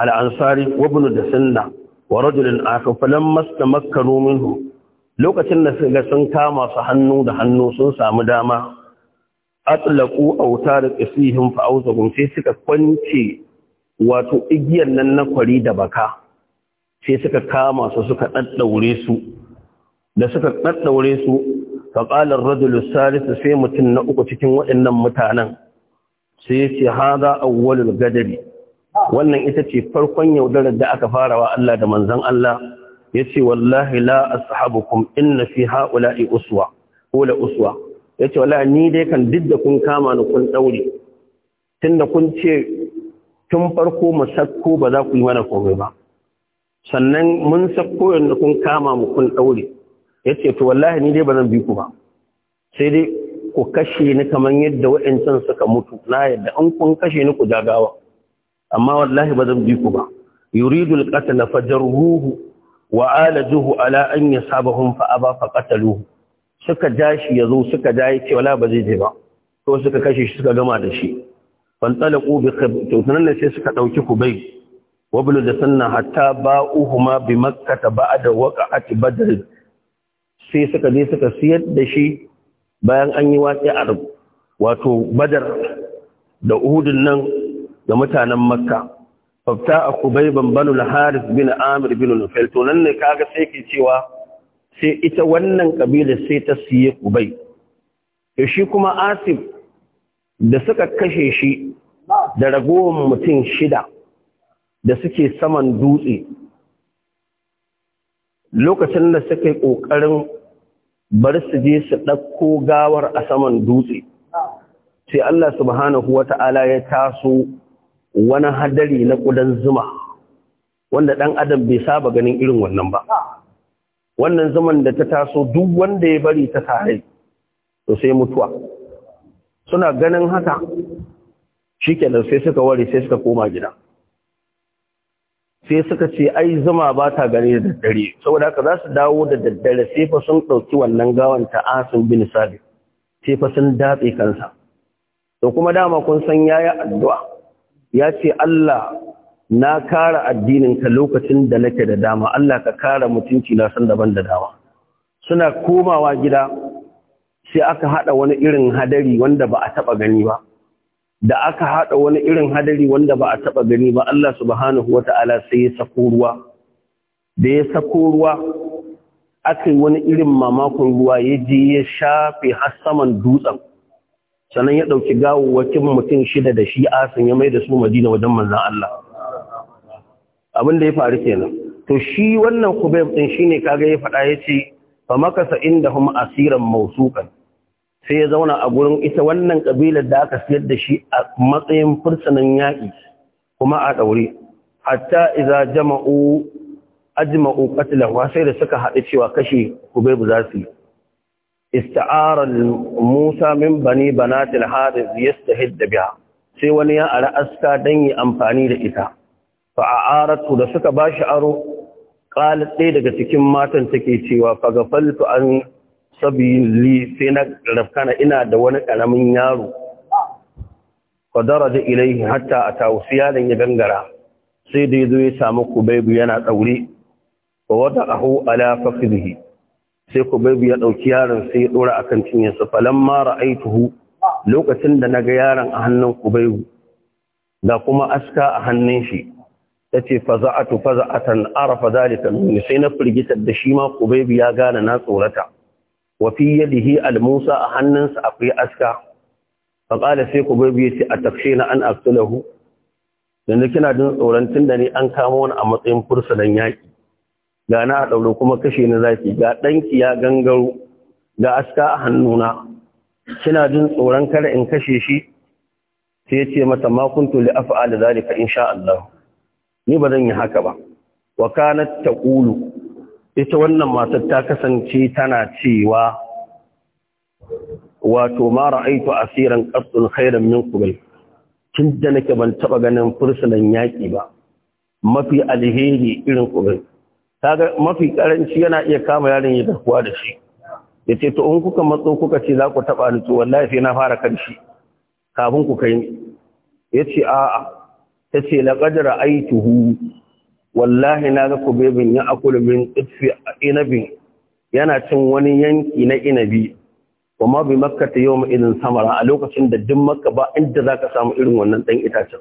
Al'ansari, ansari wa sinna wa wa rajulun akhar falamma tamakkanu minhu lokacin da sun kama su hannu da hannu sun samu dama atlaqu awtar qisihim fa awzahum sai suka kwance wato igiyar nan na kwari da baka sai suka kama su suka daddaure su da suka daddaure su fa qala ar sai mutun na uku cikin waɗannan mutanen sai yace hada awwalul gadari wannan ita ce farkon yaudarar da aka farawa Allah da manzon Allah yace wallahi la ashabukum inna fi ha'ula'i uswa wala uswa ya ce wala ni dai kan duk da kun kama ni kun ɗaure tun da kun ce tun farko mu sakko ba za ku yi mana komai ba sannan mun sakko yadda kun kama mu kun ɗaure ya ce to wallahi ni dai ba zan bi ku ba sai dai ku kashe ni kamar yadda wa'ancan suka mutu na yadda an kun kashe ni ku jagawa amma wallahi ba zan bi ku ba yuridu qatla fajarruhu wa alajuhu ala an yasabahum fa aba fa qataluhu suka ja shi ya zo suka ja ya wala ba zai je ba ko suka kashe shi suka gama da shi fantalaqu bi khibtunan ne sai suka dauki kubai wablu da sanna hatta ba'uhuma bi makkah ba'da waqa'at badr sai suka je suka siyar da shi bayan an yi waƙi a wato badar da uhudun nan ga mutanen makka fafta a kubai bambanu na haris bin amir bin nufail to nan ne kaga sai ke cewa sai ita wannan kabila sai ta siye kubai Ya shi kuma asif da suka kashe shi da ragowar mutum shida da suke saman dutse lokacin da suka yi ƙoƙarin bar su je su ɗakko gawar a saman dutse sai Allah subhanahu wa ta'ala ya taso wani hadari na ƙudan zuma wanda ɗan adam bai saba ganin irin wannan ba wannan zaman da ta taso duk wanda ya bari ta tare to sai mutuwa suna ganin haka shikenan sai suka ware sai suka koma gida sai suka ce ai zama ba ta gani da daddare saboda haka za su dawo da daddare sai fa sun ɗauki wannan gawan ta asin bin sabi sai fa sun datse kansa to kuma dama kun san yayi addu'a ya ce Allah na kara addininka lokacin da nake da dama Allah ka kara mutunci na san daban da dama suna komawa gida sai aka hada wani irin hadari wanda ba a taba gani ba da aka hada wani irin hadari wanda ba a taba gani ba Allah subhanahu wata'ala sai ya sako ruwa da ya sako ruwa aka yi wani irin mamakon ruwa ya je ya shafe har saman dutsen sannan ya dauki gawawwakin mutum shida da shi asin ya mai da su madina wajen manzon Allah abin da ya faru kenan to shi wannan kubayb din shine kaga ya faɗa yace fa makasa indahum asiran mawsuqan sai ya zauna a gurin ita wannan kabilar da aka siyar da shi a matsayin fursunan yaƙi kuma a daure hatta idza jama'u ajma'u qatlahu sai da suka haɗu cewa kashe kubayb za su yi Musa min bani banatil بنات yastahid biha sai wani ya ara aska dan yi amfani da ita fa aratu da suka bashi aro qalat dai daga cikin matan take cewa fa an sabili sai na rafkana ina da wani karamin yaro fa daraja ilaihi hatta atawu siyalan ya gangara sai dai yazo ya samu kubaibu yana daure fa ahu ala fakhidhi sai kubaibu ya ɗauki yaron sai ya dora akan cinyarsa falamma ra'aituhu lokacin da naga yaron a hannun kubaibu da kuma aska a hannun shi tace faza'atu faza'atan arafa zalika nuni, sai na firgita da shi ma kubaybi ya gane na tsorata wa fi yadihi al-musa a hannunsa akwai aska fa qala sai kubaybi yace na an aktalahu yanzu kina jin tsoron tunda ne an kamo wani a matsayin fursunan yaƙi. ga na dauro kuma kashe ni zaki ga danki ya gangaro ga aska a hannuna kina jin tsoron kada in kashe shi sai ya ce mata ma kuntu li af'ala zalika insha Allah ni ba zan yi haka ba wa kanat taqulu ita wannan matar ta kasance tana cewa wato ma ra'aytu asiran qasdun khairan min qabl tun da nake ban taba ganin fursunan yaki ba mafi alheri irin qabl kaga mafi karanci yana iya kama yaron ya dakuwa da shi yace to in kuka matso kuka ce za ku taba ni to wallahi sai na fara kanshi kafin ku kai ni yace a'a ta ce laƙad tuhu, wallahi na ga kubebin ya akulu min a inabin yana cin wani yanki na inabi kuma bi makka ta yau irin samara a lokacin da duk makka ba inda za ka samu irin wannan ɗan itacen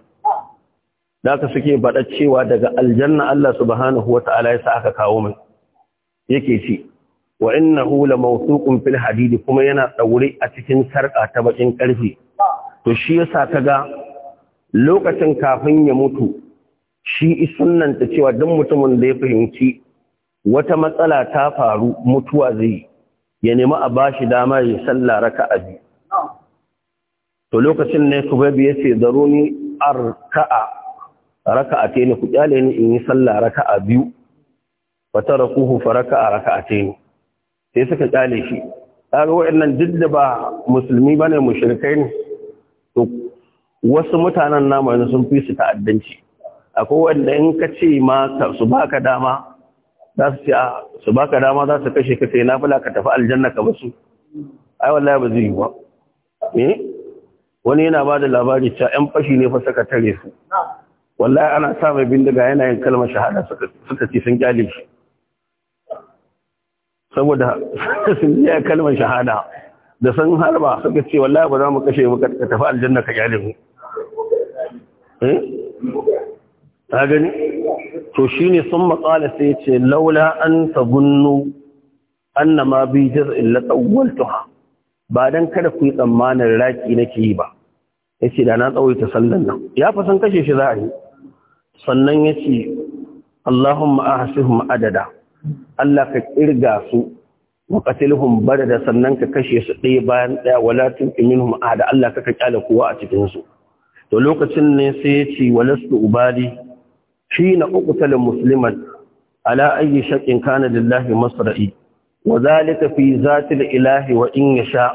da aka suke baɗa cewa daga aljanna Allah subhanahu wa ta'ala ya sa aka kawo mai yake ci wa na la mawthuqun fil hadid kuma yana daure a cikin sarka ta bakin karfe to shi yasa kaga lokacin kafin ya mutu shi ta cewa duk mutumin da ya fahimci wata matsala ta faru mutuwa zai ya nemi a bashi dama ya salla a biyu to lokacin ne kubabi ya ce daruni arka'a raka'a a ne ku kyale ni in yi salla a biyu fa tarakuhu fa a raka a ne sai suka kyale shi kaga waɗannan duk da ba musulmi ba bane mushrikai ne wasu mutanen namu yanzu sun fi su ta'addanci akwai wanda in ka ce ma su baka dama za su ce a su baka dama za su kashe ka sai na fula ka tafi aljanna ka basu ai wallahi ba zai yi ba eh? wani yana ba da labari cewa yan fashi ne fa suka tare su wallahi ana sa mai bindiga yana yin kalmar shahada suka suka ce sun kyale shi saboda sun yi kalmar shahada da sun harba suka ce wallahi ba za mu kashe mu ka tafi aljanna ka kyale mu ta eh? gani to shi ne sun matsala sai ce laula an ta tabunnu annama bi jaz'in la tawwaltuha ba don kada ku yi tsammanin raki nake yi ba Ya ce da na ta sallan nan ya fi san kashe shi za a yi sannan ce allahun ahsihum adada Allah ka kirga su makasilhun bada da sannan ka kashe su ɗaya bayan ɗaya wala tunqi minhum ahada Allah ka ka kowa a cikinsu. to lokacin ne sai ya ce lasu ubali shi na uqtal musulman, ala ayyi shaqqin kana lillahi masra'i wa zalika fi zati ilahi wa in yasha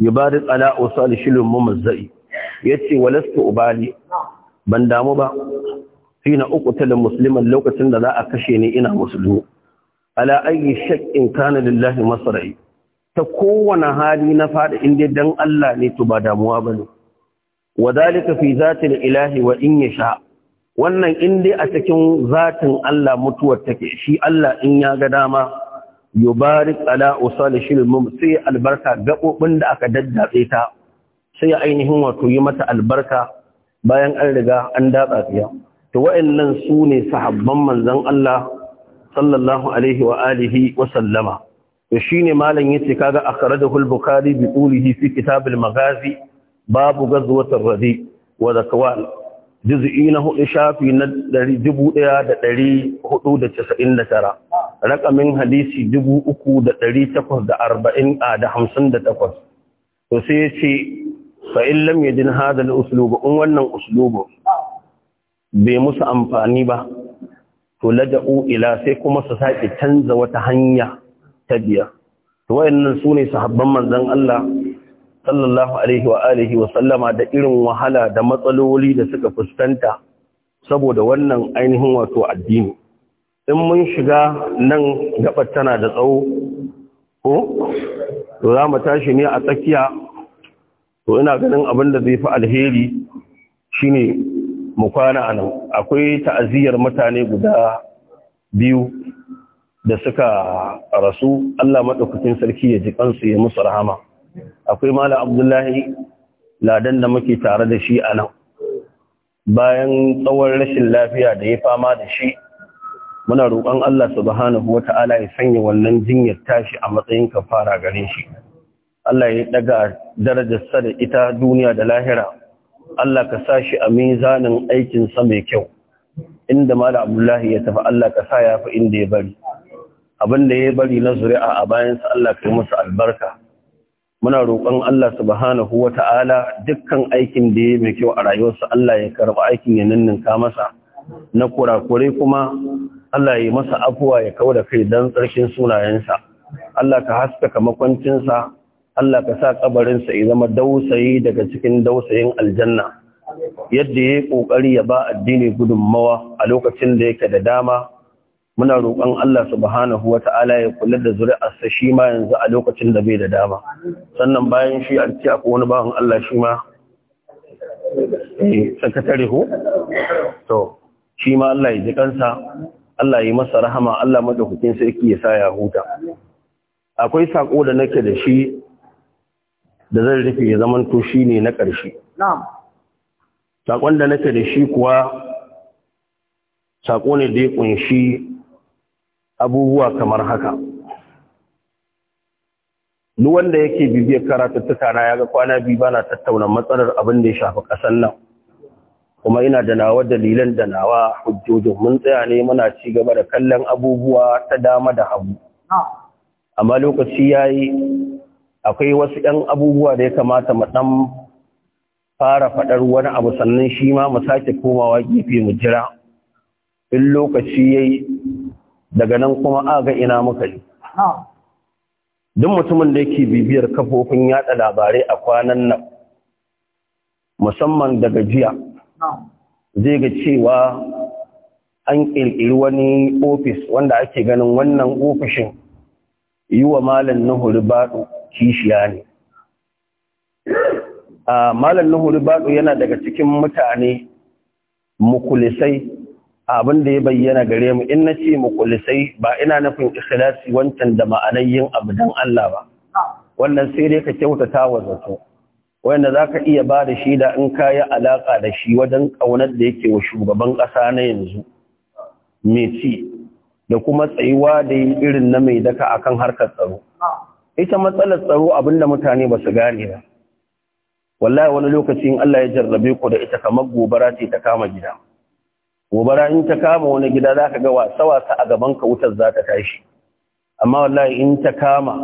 yubarik ala usal ya mumazzai yace lasu ubali ban damu ba shi na uqtal musulman lokacin da za a kashe ni ina musulmi ala ayyi shaqqin kana lillahi masra'i ta kowane hali na faɗi inda dan Allah ne to ba damuwa ba ne. wa dalika fi zatil ilahi wa in yasha wannan in dai a cikin zatin Allah mutuwar take shi Allah in ya ga dama yubarik ala usal shilmum sai albarka gabobin da aka daddatse ta sai ainihin wato yi mata albarka bayan an riga an datsa tsiya to wayannan su ne sahabban manzon Allah sallallahu alaihi wa alihi wa sallama to shine malam yace kaga akhrajahu al-bukhari bi qulihi fi kitab al-maghazi babu gazwatar radi wa zakwan juz'i na hudu shafi na 1499 Raƙamin hadisi 3840 da 58 to sai yace fa in lam yajin hadha al-uslub in wannan uslubu bai musu amfani ba to lada'u ila sai kuma su sake canza wata hanya ta biya to wayannan sune sahabban manzon Allah sallallahu alaihi wa alihi wa sallama da irin wahala da matsaloli da suka fuskanta saboda wannan ainihin wato addini in mun shiga nan gabar tana da tsawo ko to za mu tashi ne a tsakiya to ina ganin abin da zai fi alheri shine mu kwana a nan akwai ta'aziyar mutane guda biyu da suka rasu Allah madaukakin sarki ya ji kansu ya musu rahama akwai Malam abdullahi ladan da muke tare da shi a nan bayan tsawon rashin lafiya da ya fama da shi muna roƙon Allah subhanahu wata'ala ya sanya wannan jinyar tashi a matsayin kafara gare shi Allah ya daga darajar sa da ita duniya da lahira Allah ka sa shi a mizanin aikin sa mai kyau inda mala abdullahi ya tafi Allah ka sa ya fi inda ya bari abin da ya bari na zuri'a a bayansa Allah ka yi masa albarka muna roƙon Allah subhanahu wa ta'ala dukkan aikin da ya mai kyau a rayuwarsa Allah ya karɓa aikin ya ninninka masa na kurakure kuma Allah ya masa afuwa ya kawo da kai don tsarkin sunayensa Allah ka haskaka makwancinsa Allah ka sa kabarinsa ya zama dausayi daga cikin dausayin aljanna yadda ya yi ƙoƙari ya ba addini gudunmawa a lokacin da yake da dama muna roƙon Allah subhanahu wa ta'ala ya kula da zuri'arsa shi ma yanzu a lokacin da bai da dama sannan bayan shi an ci akwai wani bawan Allah shi ma eh, sakatare ho to shi ma Allah ya ji Allah ya masa rahama Allah madaukakin sarki ya sa ya huta akwai sako da nake da shi da zan rufe ya shi ne na ƙarshe na'am da nake da shi kuwa sako ne da ya kunshi abubuwa kamar haka duk wanda yake bibiyar karatuttuka na yaga kwana biyu bana tattauna matsalar abin da ya shafi ƙasar nan kuma ina da nawa dalilan da nawa hujjojin mun tsaya ne muna ci gaba da kallon abubuwa ta dama da hagu amma lokaci ya yi akwai wasu ƴan abubuwa da ya kamata mu ɗan fara faɗar wani abu sannan shi ma mu sake komawa gefe mu jira in lokaci ya yi. daga nan kuma a ga ina muka yi duk mutumin da yake bibiyar kafofin yada labarai a kwanan nan musamman daga jiya zai ga cewa an ƙirƙiri wani ofis wanda ake ganin wannan ofishin yi wa malam nuhuri baɗo kishiya ne ah, malam nuhuri baɗo yana daga cikin mutane mukulisai abin da ya bayyana gare mu in na ce mu ba ina nufin ikhlasi wancan da ma'anar yin abu don Allah ba wannan sai dai ka kyautata wa zato wanda za ka iya ba da shi da in ka yi alaƙa da shi wajen ƙaunar da yake wa shugaban ƙasa na yanzu mai ci, da kuma tsayuwa da yi irin na mai daka a kan harkar tsaro ita matsalar tsaro abin da mutane ba su gane ba wallahi wani lokacin Allah ya jarrabe ku da ita kamar gobara ce ta kama gida gobara in ta kama wani gida za ka ga wasa-wasa a gabanka wutar za ta tashi amma wallahi in ta kama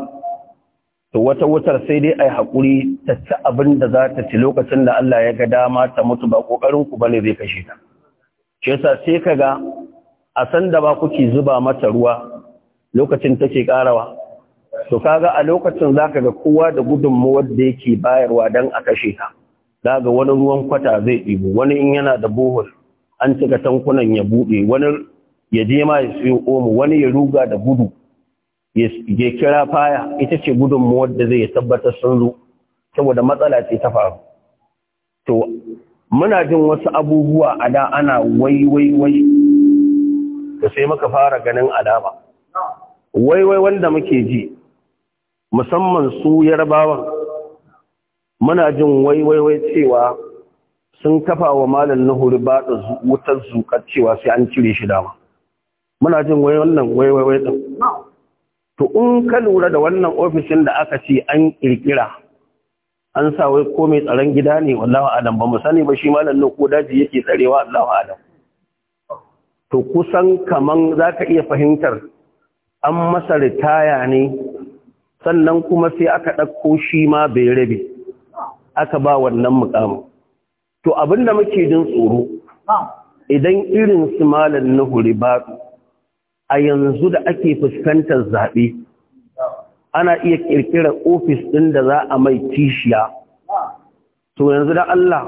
to wata wutar sai dai a yi haƙuri ta ci abin da za ta ci lokacin da Allah ya ga dama ta mutu ba ƙoƙarinku ba ne zai kashe ta shi yasa sai ka ga a san da ba kuke zuba mata ruwa lokacin take ƙarawa to kaga a lokacin za ka ga kowa da gudunmawar da yake bayarwa don a kashe ta za ga wani ruwan kwata zai ɗigo, wani in yana da bohol an cika tankunan ya buɗe wani ya je ma ya siyo omo wani ya ruga da gudu ya kira faya ita ce gudun mu" da zai tabbatar sun zo saboda matsala ce ta faru to muna jin wasu abubuwa a da ana wai wai wai da sai muka fara ganin alama wai wai wanda muke ji musamman su yarbawan muna jin wai wai wai cewa sun kafa wa malam nuhuri ba da wutar zukar cewa sai an cire shi dama muna jin wai wannan wai wai wai to in ka lura da wannan ofishin da aka ce an kirkira an sa wai ko mai tsaron gida ne wallahu Adam ba mu sani ba shi malam nuhu ko daji yake tsarewa wallahu Adam. to kusan kaman zaka iya fahimtar an masa ritaya ne sannan kuma sai aka ɗauko shi ma bai rabe aka ba wannan mukamin to abin da muke jin tsoro idan irin su malam na ba a yanzu da ake fuskantar zaɓe ana iya ƙirƙirar ofis ɗin da za a mai tishiya. to yanzu da Allah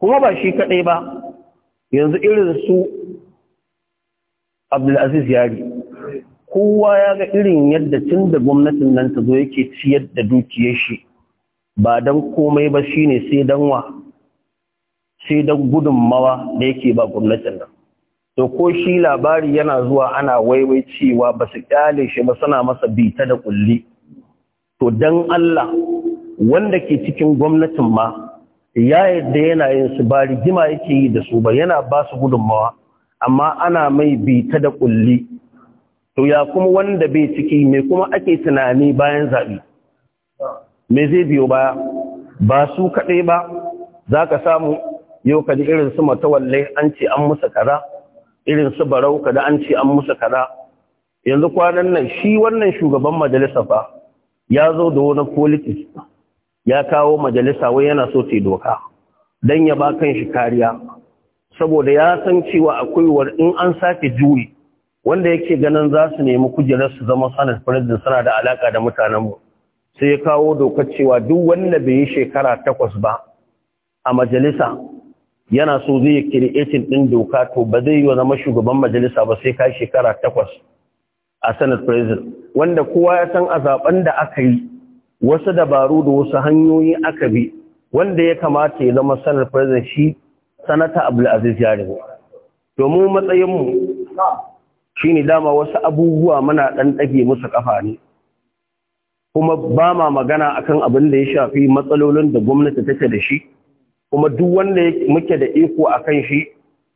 kuma ba shi kaɗai ba yanzu irin su abdulaziz yari kowa ya ga irin yadda tun da gwamnatin nan ta zo yake ciyar da dukiyar shi ba don komai ba shi ne sai don wa sai don gudunmawa da yake ba gwamnatin nan to ko shi labari yana zuwa ana waiwai cewa ba su ƙyale shi ba suna masa bita da kulli to don Allah wanda ke cikin gwamnatin ma ya yadda yana yin su ba rigima yake yi da su ba yana ba su gudunmawa amma ana mai bita da ƙulli to ya kuma wanda bai ciki me kuma ake tunani bayan zaɓe me zai biyo baya ba su kaɗai ba za ka samu yau ka ji irin su matawalle an ce an musa kaza irin su barau kada an ce an musa kaza yanzu kwanan nan shi wannan shugaban majalisa fa ya zo da wani politics ya kawo majalisa wai yana so ta doka dan ya ba kan shi kariya saboda ya san cewa akwai war in an sake juyi wanda yake ganin za su nemi kujerar su zama sanar president suna da alaka da mutanen mu sai ya kawo doka cewa duk wanda bai yi shekara takwas ba a majalisa yana so zai creating ɗin doka to ba zai yi zama shugaban majalisa ba sai ka shekara takwas a senate president wanda kowa ya san a zaben da aka yi wasu dabaru da wasu hanyoyi aka bi wanda ya kamata ya zama senate president shi sanata abdulaziz yarigo domin matsayinmu shi ne dama wasu abubuwa muna ɗan ɗage musu ƙafa ne kuma ba ma magana akan abin da ya shafi matsalolin da gwamnati take da shi kuma duk wanda muke da iko a kan shi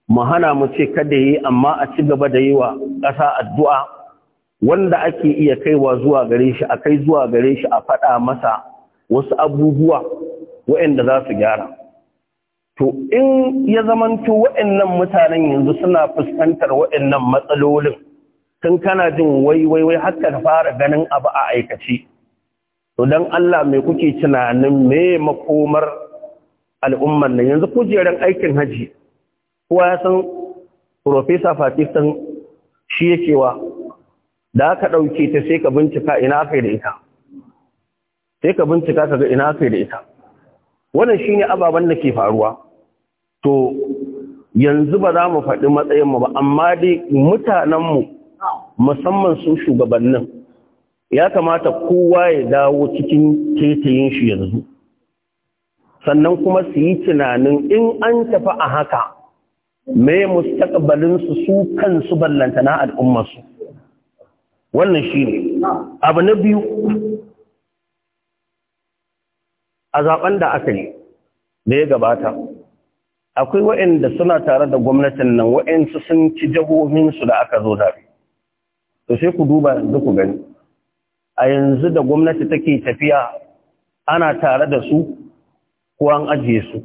mu hana mu ce kada yi amma a ci gaba da yi wa ƙasa addu'a wanda ake iya kaiwa zuwa gare shi a kai zuwa gare shi a faɗa masa wasu abubuwa waɗanda za su gyara to in ya zamanto waɗannan mutanen yanzu suna fuskantar waɗannan matsalolin tun kana jin wai wai wai haka fara ganin abu a aikace to don Allah mai kuke tunanin me makomar al'ummar nan yanzu kujerar aikin hajji kowa ya san profesa pakistan shi yake wa da aka ɗauke ta sai ka bincika ina kai da ita sai ka bincika ka ga ina kai da ita wannan shine ababen da ke faruwa to yanzu ba za mu faɗi matsayinmu ba amma dai mutanenmu musamman su shugabannin ya kamata kowa ya dawo cikin tetayin shi yanzu sannan kuma su yi tunanin in an tafi a haka mai mustaqbalinsu su kansu ballanta na al'ummarsu wannan shi ne abu na biyu a zaɓen da aka yi da ya gabata akwai waɗanda suna tare da gwamnatin nan waɗansu sun ci su da aka zo zaɓe to sai ku duba yanzu ku gani a yanzu da gwamnati take tafiya ana tare da su ko an ajiye su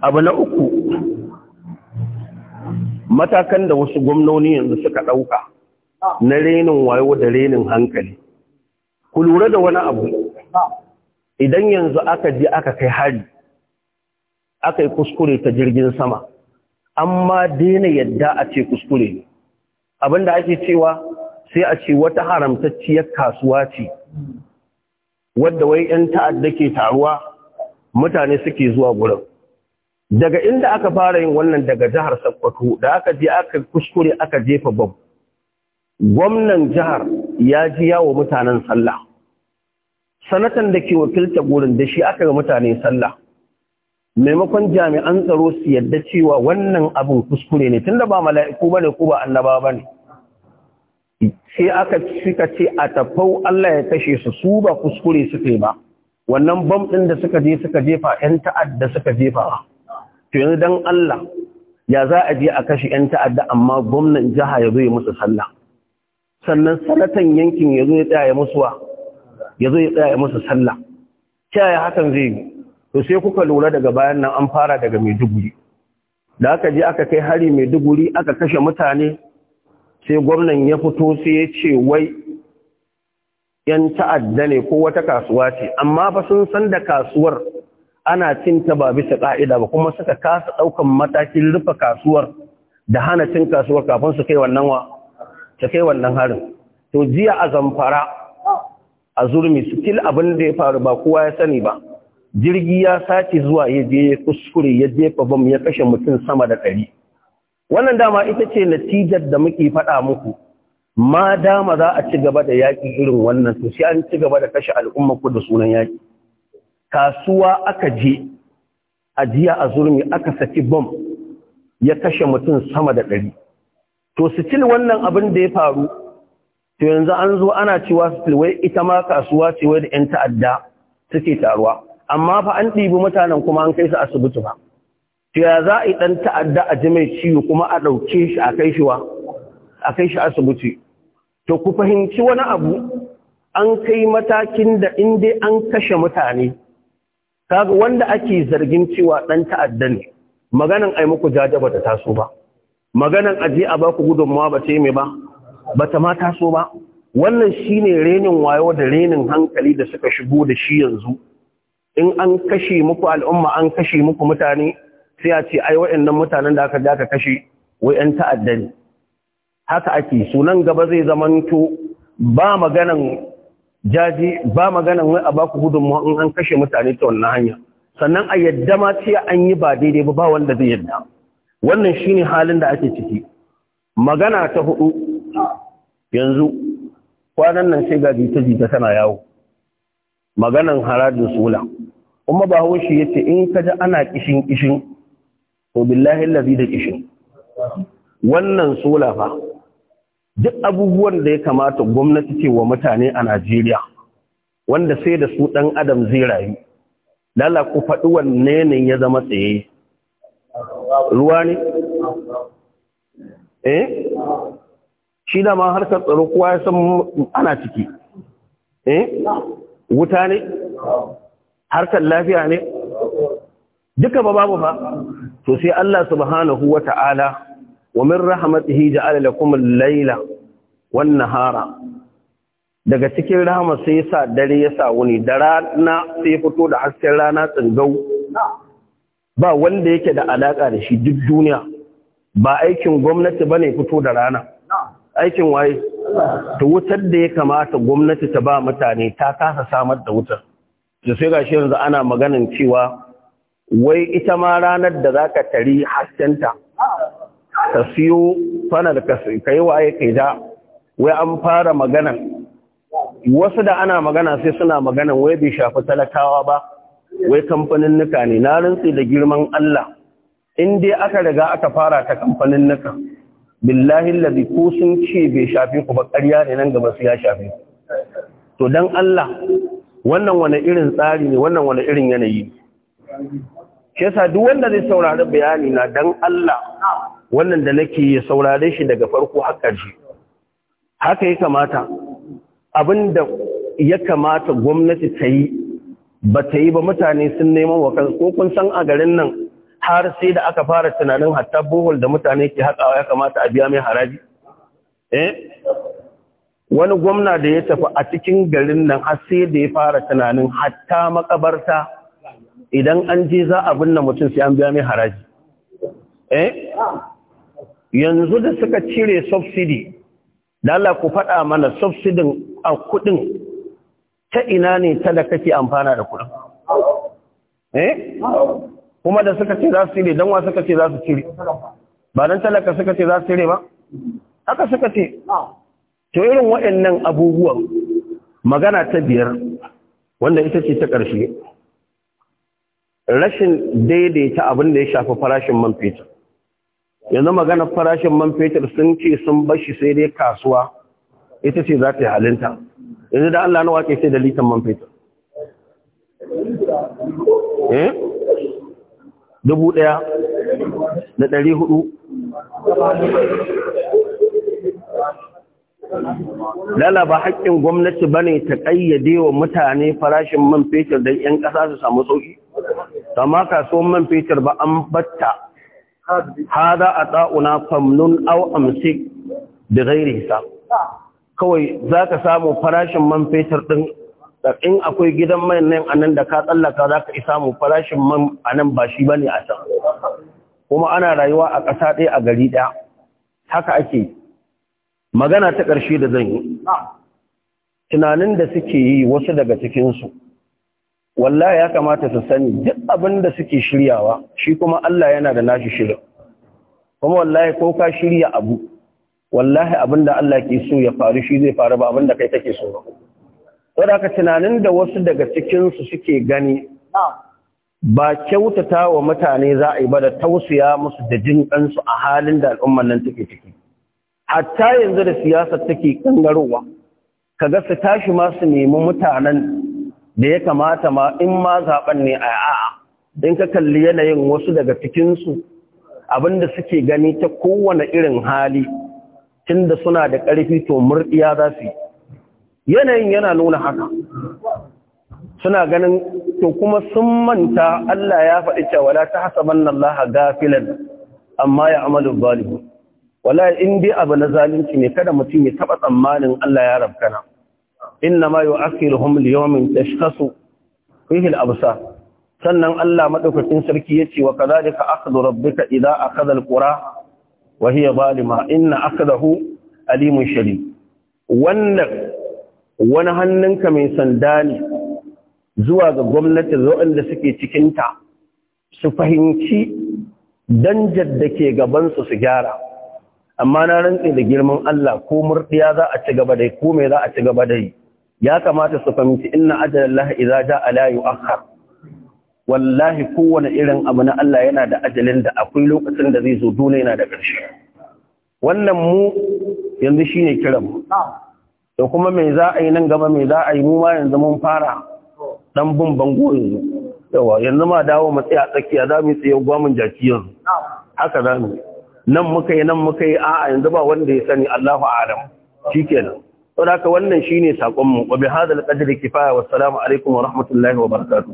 abu na uku matakan da wasu gwamnoni yanzu suka ɗauka na renin wayo da renin hankali ku lura da wani abu idan yanzu aka je aka kai hari aka yi kuskure ta jirgin sama amma daina yadda a ce kuskure ne abinda ake cewa sai a ce wata haramtacciyar kasuwa ce wadda wai 'yan ta'adda ke taruwa mutane suke zuwa gurin daga inda aka fara yin wannan daga jihar Sokoto da aka je aka kuskure aka jefa bam gwamnan jihar ya ji yawo mutanen sallah sanatan da ke wakilta gurin da shi aka ga mutane sallah maimakon jami'an tsaro su yadda cewa wannan abin kuskure ne tunda ba mala'iku bane ko ba annaba bane sai aka suka ce a tafau Allah ya kashe su su ba kuskure suka ba wannan bam ɗin da suka je suka jefa ‘yan ta'adda suka jefa to yanzu dan Allah ya za a je a kashe ‘yan ta'adda amma gwamnan jiha ya zo ya musu sallah sannan salatan yankin ya zo ya tsaya musu wa ya zo ya tsaya musu sallah kiyaye hakan zai yi to sai kuka lura daga bayan nan an fara daga Maiduguri da aka je aka kai hari Maiduguri aka kashe mutane sai gwamnan ya fito sai ya ce wai yan ta'adda ne ko wata kasuwa ce amma ba sun san da kasuwar ana cinta ba bisa ƙa'ida ba kuma suka kasa ɗaukan matakin rufe kasuwar da hana cin kasuwar kafin su kai wannan wa ta kai wannan harin to jiya a zamfara a zurmi til abin da ya faru ba kowa ya sani ba jirgi ya sace zuwa ya je ya kuskure ya jefa bam ya kashe mutum sama da ɗari wannan dama ita ce natijar da muke faɗa muku ma dama za a ci gaba da yaƙi irin wannan to sai an ci gaba da kashe al'umma ku da sunan yaƙi kasuwa aka je a jiya a zurmi aka saki bom ya kashe mutum sama da ɗari to sitil wannan abin da ya faru to yanzu an zo ana cewa sitil wai ita ma kasuwa ce wai da 'yan ta'adda suke taruwa amma fa an ɗibi mutanen kuma an kai su asibiti ba to ya za a yi ɗan ta'adda a ji mai ciwo kuma a ɗauke shi a kai shi wa a kai shi asibiti to ku fahimci wani abu an kai matakin da inda an kashe mutane kaga wanda ake zargin cewa dan ta'adda ne maganan ai muku jajaba ta taso ba maganan aje a baku gudunmawa ba ce me ba bata ma taso ba wannan shine renin wayo da renin hankali da suka shigo da shi yanzu in an kashe muku al'umma an kashe muku mutane sai a ce ai waɗannan mutanen da aka ja ka kashe wai 'yan ta'adda ne haka ake sunan gaba zai zamanto ba maganan jaji ba maganan wai a baku gudunmawa in an kashe mutane ta wannan hanya sannan a yadda ma ce an yi ba daidai ba ba wanda zai yadda wannan shine halin da ake ciki magana ta hudu yanzu kwanan nan sai ga jita-jita tana yawo maganan harajin sula kuma ba haushi yace in ka ji ana kishin kishin to billahi allazi da kishin wannan sula fa duk abubuwan da ya kamata gwamnati ce wa mutane a Najeriya wanda sai da su ɗan adam zai rayu lala ku faɗi wanne ne ya zama tsaye ruwa ne eh shi da ma harkar tsaro kowa ya san ana ciki eh wuta ne harkar lafiya ne duka ba babu ba to sai Allah subhanahu wata'ala wa min جعل لكم الليل والنهار laila daga cikin rahama sai yasa dare ya sa wuni da rana sai fito da hasken rana tsingau ba wanda yake da alaka da shi duk duniya ba aikin gwamnati bane fito da rana aikin waye ta wutar da ya kamata gwamnati ta ba mutane ta kasa samar da wutar da sai gashi yanzu ana maganin cewa wai ita ma ranar da zaka tari haskenta ka siyo fanar ka yi waye kai da wai an fara magana wasu da ana magana sai suna magana wai bai shafi talakawa ba wai kamfanin nuka ne na rantsi da girman Allah in dai aka riga aka fara ta kamfanin nuka billahi Ladi ko sun ce bai shafi ku ba ƙarya ne nan gaba su ya shafi to dan Allah wannan wani irin tsari ne wannan wani irin yanayi shi duk wanda zai saurari bayani na dan Allah wannan da nake ya saurare shi daga farko har ƙarshe haka ya kamata abinda ya kamata gwamnati ta yi ba ta yi ba mutane sun neman wa kan ko kun san a garin nan har sai da aka fara tunanin hatta bohol da mutane ke haƙawa ya kamata a biya mai haraji eh wani gwamna da ya tafi a cikin garin nan har sai da ya fara tunanin hatta makabarta idan an je za a binne mutum sai an biya mai haraji eh yanzu da suka cire subsidy da Allah ku faɗa mana subsidin a kuɗin ta ina ne talaka ke amfana da kuɗin eh kuma da suka ce za su cire don wa suka ce za su cire ba don talaka suka ce za su cire ba haka suka ce to irin waɗannan abubuwan magana ta biyar wanda ita ce ta ƙarshe rashin daidaita abin da ya shafi farashin man fetur yanzu magana farashin man fetur sun ce sun bashi sai dai kasuwa ita ce za ta yi halinta yanzu da Allah nawa ke sai da litan man fetur eh dubu ɗaya da ɗari hudu lala ba haƙƙin gwamnati ba ne ta ƙayyade wa mutane farashin man fetur don 'yan ƙasa su samu sauƙi amma kasuwan man fetur ba an batta a ata'una famnun aw amsik da ghairi hisab kawai zaka samu farashin man fetur ɗin? in akwai gidan mai nan anan da ka tsallaka zaka isa samu farashin man anan ba shi ne a can kuma ana rayuwa a ƙasa ɗaya a gari ɗaya haka ake magana ta ƙarshe da zan yi tunanin da suke yi wasu daga cikinsu wallahi ya kamata su sani duk abin da suke shiryawa shi kuma Allah yana da nashi shirin kuma wallahi ko ka shirya abu wallahi abin da Allah ke so ya faru shi zai faru ba abin da kai kake so ba da ka tunanin da wasu daga cikin su suke gani ba kyautata wa mutane za a yi ba da tausaya musu da jin ɗansu a halin da al'ummar nan take ciki. Hatta yanzu da siyasa take kangarowa kaga su tashi ma su nemi mutanen da ya kamata ma in ma zaɓen ne a a'a in ka kalli yanayin wasu daga cikinsu da suke gani ta kowane irin hali tun da suna da ƙarfi to murɗiya za su yi yanayin yana nuna haka suna ganin to kuma sun manta Allah ya faɗi cewa la ta hasaban Allah gafilan amma ya amalu zalimi wallahi in dai abu na zalunci ne kada mutum ya taɓa tsammanin Allah ya rabkana innama yu'akhiruhum liyawmin tashkhasu fihi al-absar sannan Allah madaukakin sarki yace wa kadhalika akhdhu rabbika idha akhadha al-qura wa hiya zalima inna akhdahu alimun shadid wannan wani hannunka mai sanda ne zuwa ga gwamnati waɗanda suke cikinta su fahimci danjar da ke gaban su gyara amma na rantse da girman Allah ko murɗiya za a ci gaba da yi ko mai za a ci gaba da yi ya kamata su fahimci inna ajalallah idza jaa la yu'akhkhar wallahi kowane irin abu na Allah yana da ajalin da akwai lokacin da zai zo dole yana da ƙarshe wannan mu yanzu shine kiran da kuma me za a yi nan gaba me za a yi mu ma yanzu mun fara dan bin bango yanzu yawa yanzu ma dawo mu tsaya tsakiya za mu tsaye gwamin jaki yanzu haka za mu nan muka yi nan muka yi a'a yanzu ba wanda ya sani Allahu a'lam shikenan saboda wannan shine sakon mu wa bi hadal qadri kifaya wassalamu alaikum wa rahmatullahi wa barakatuh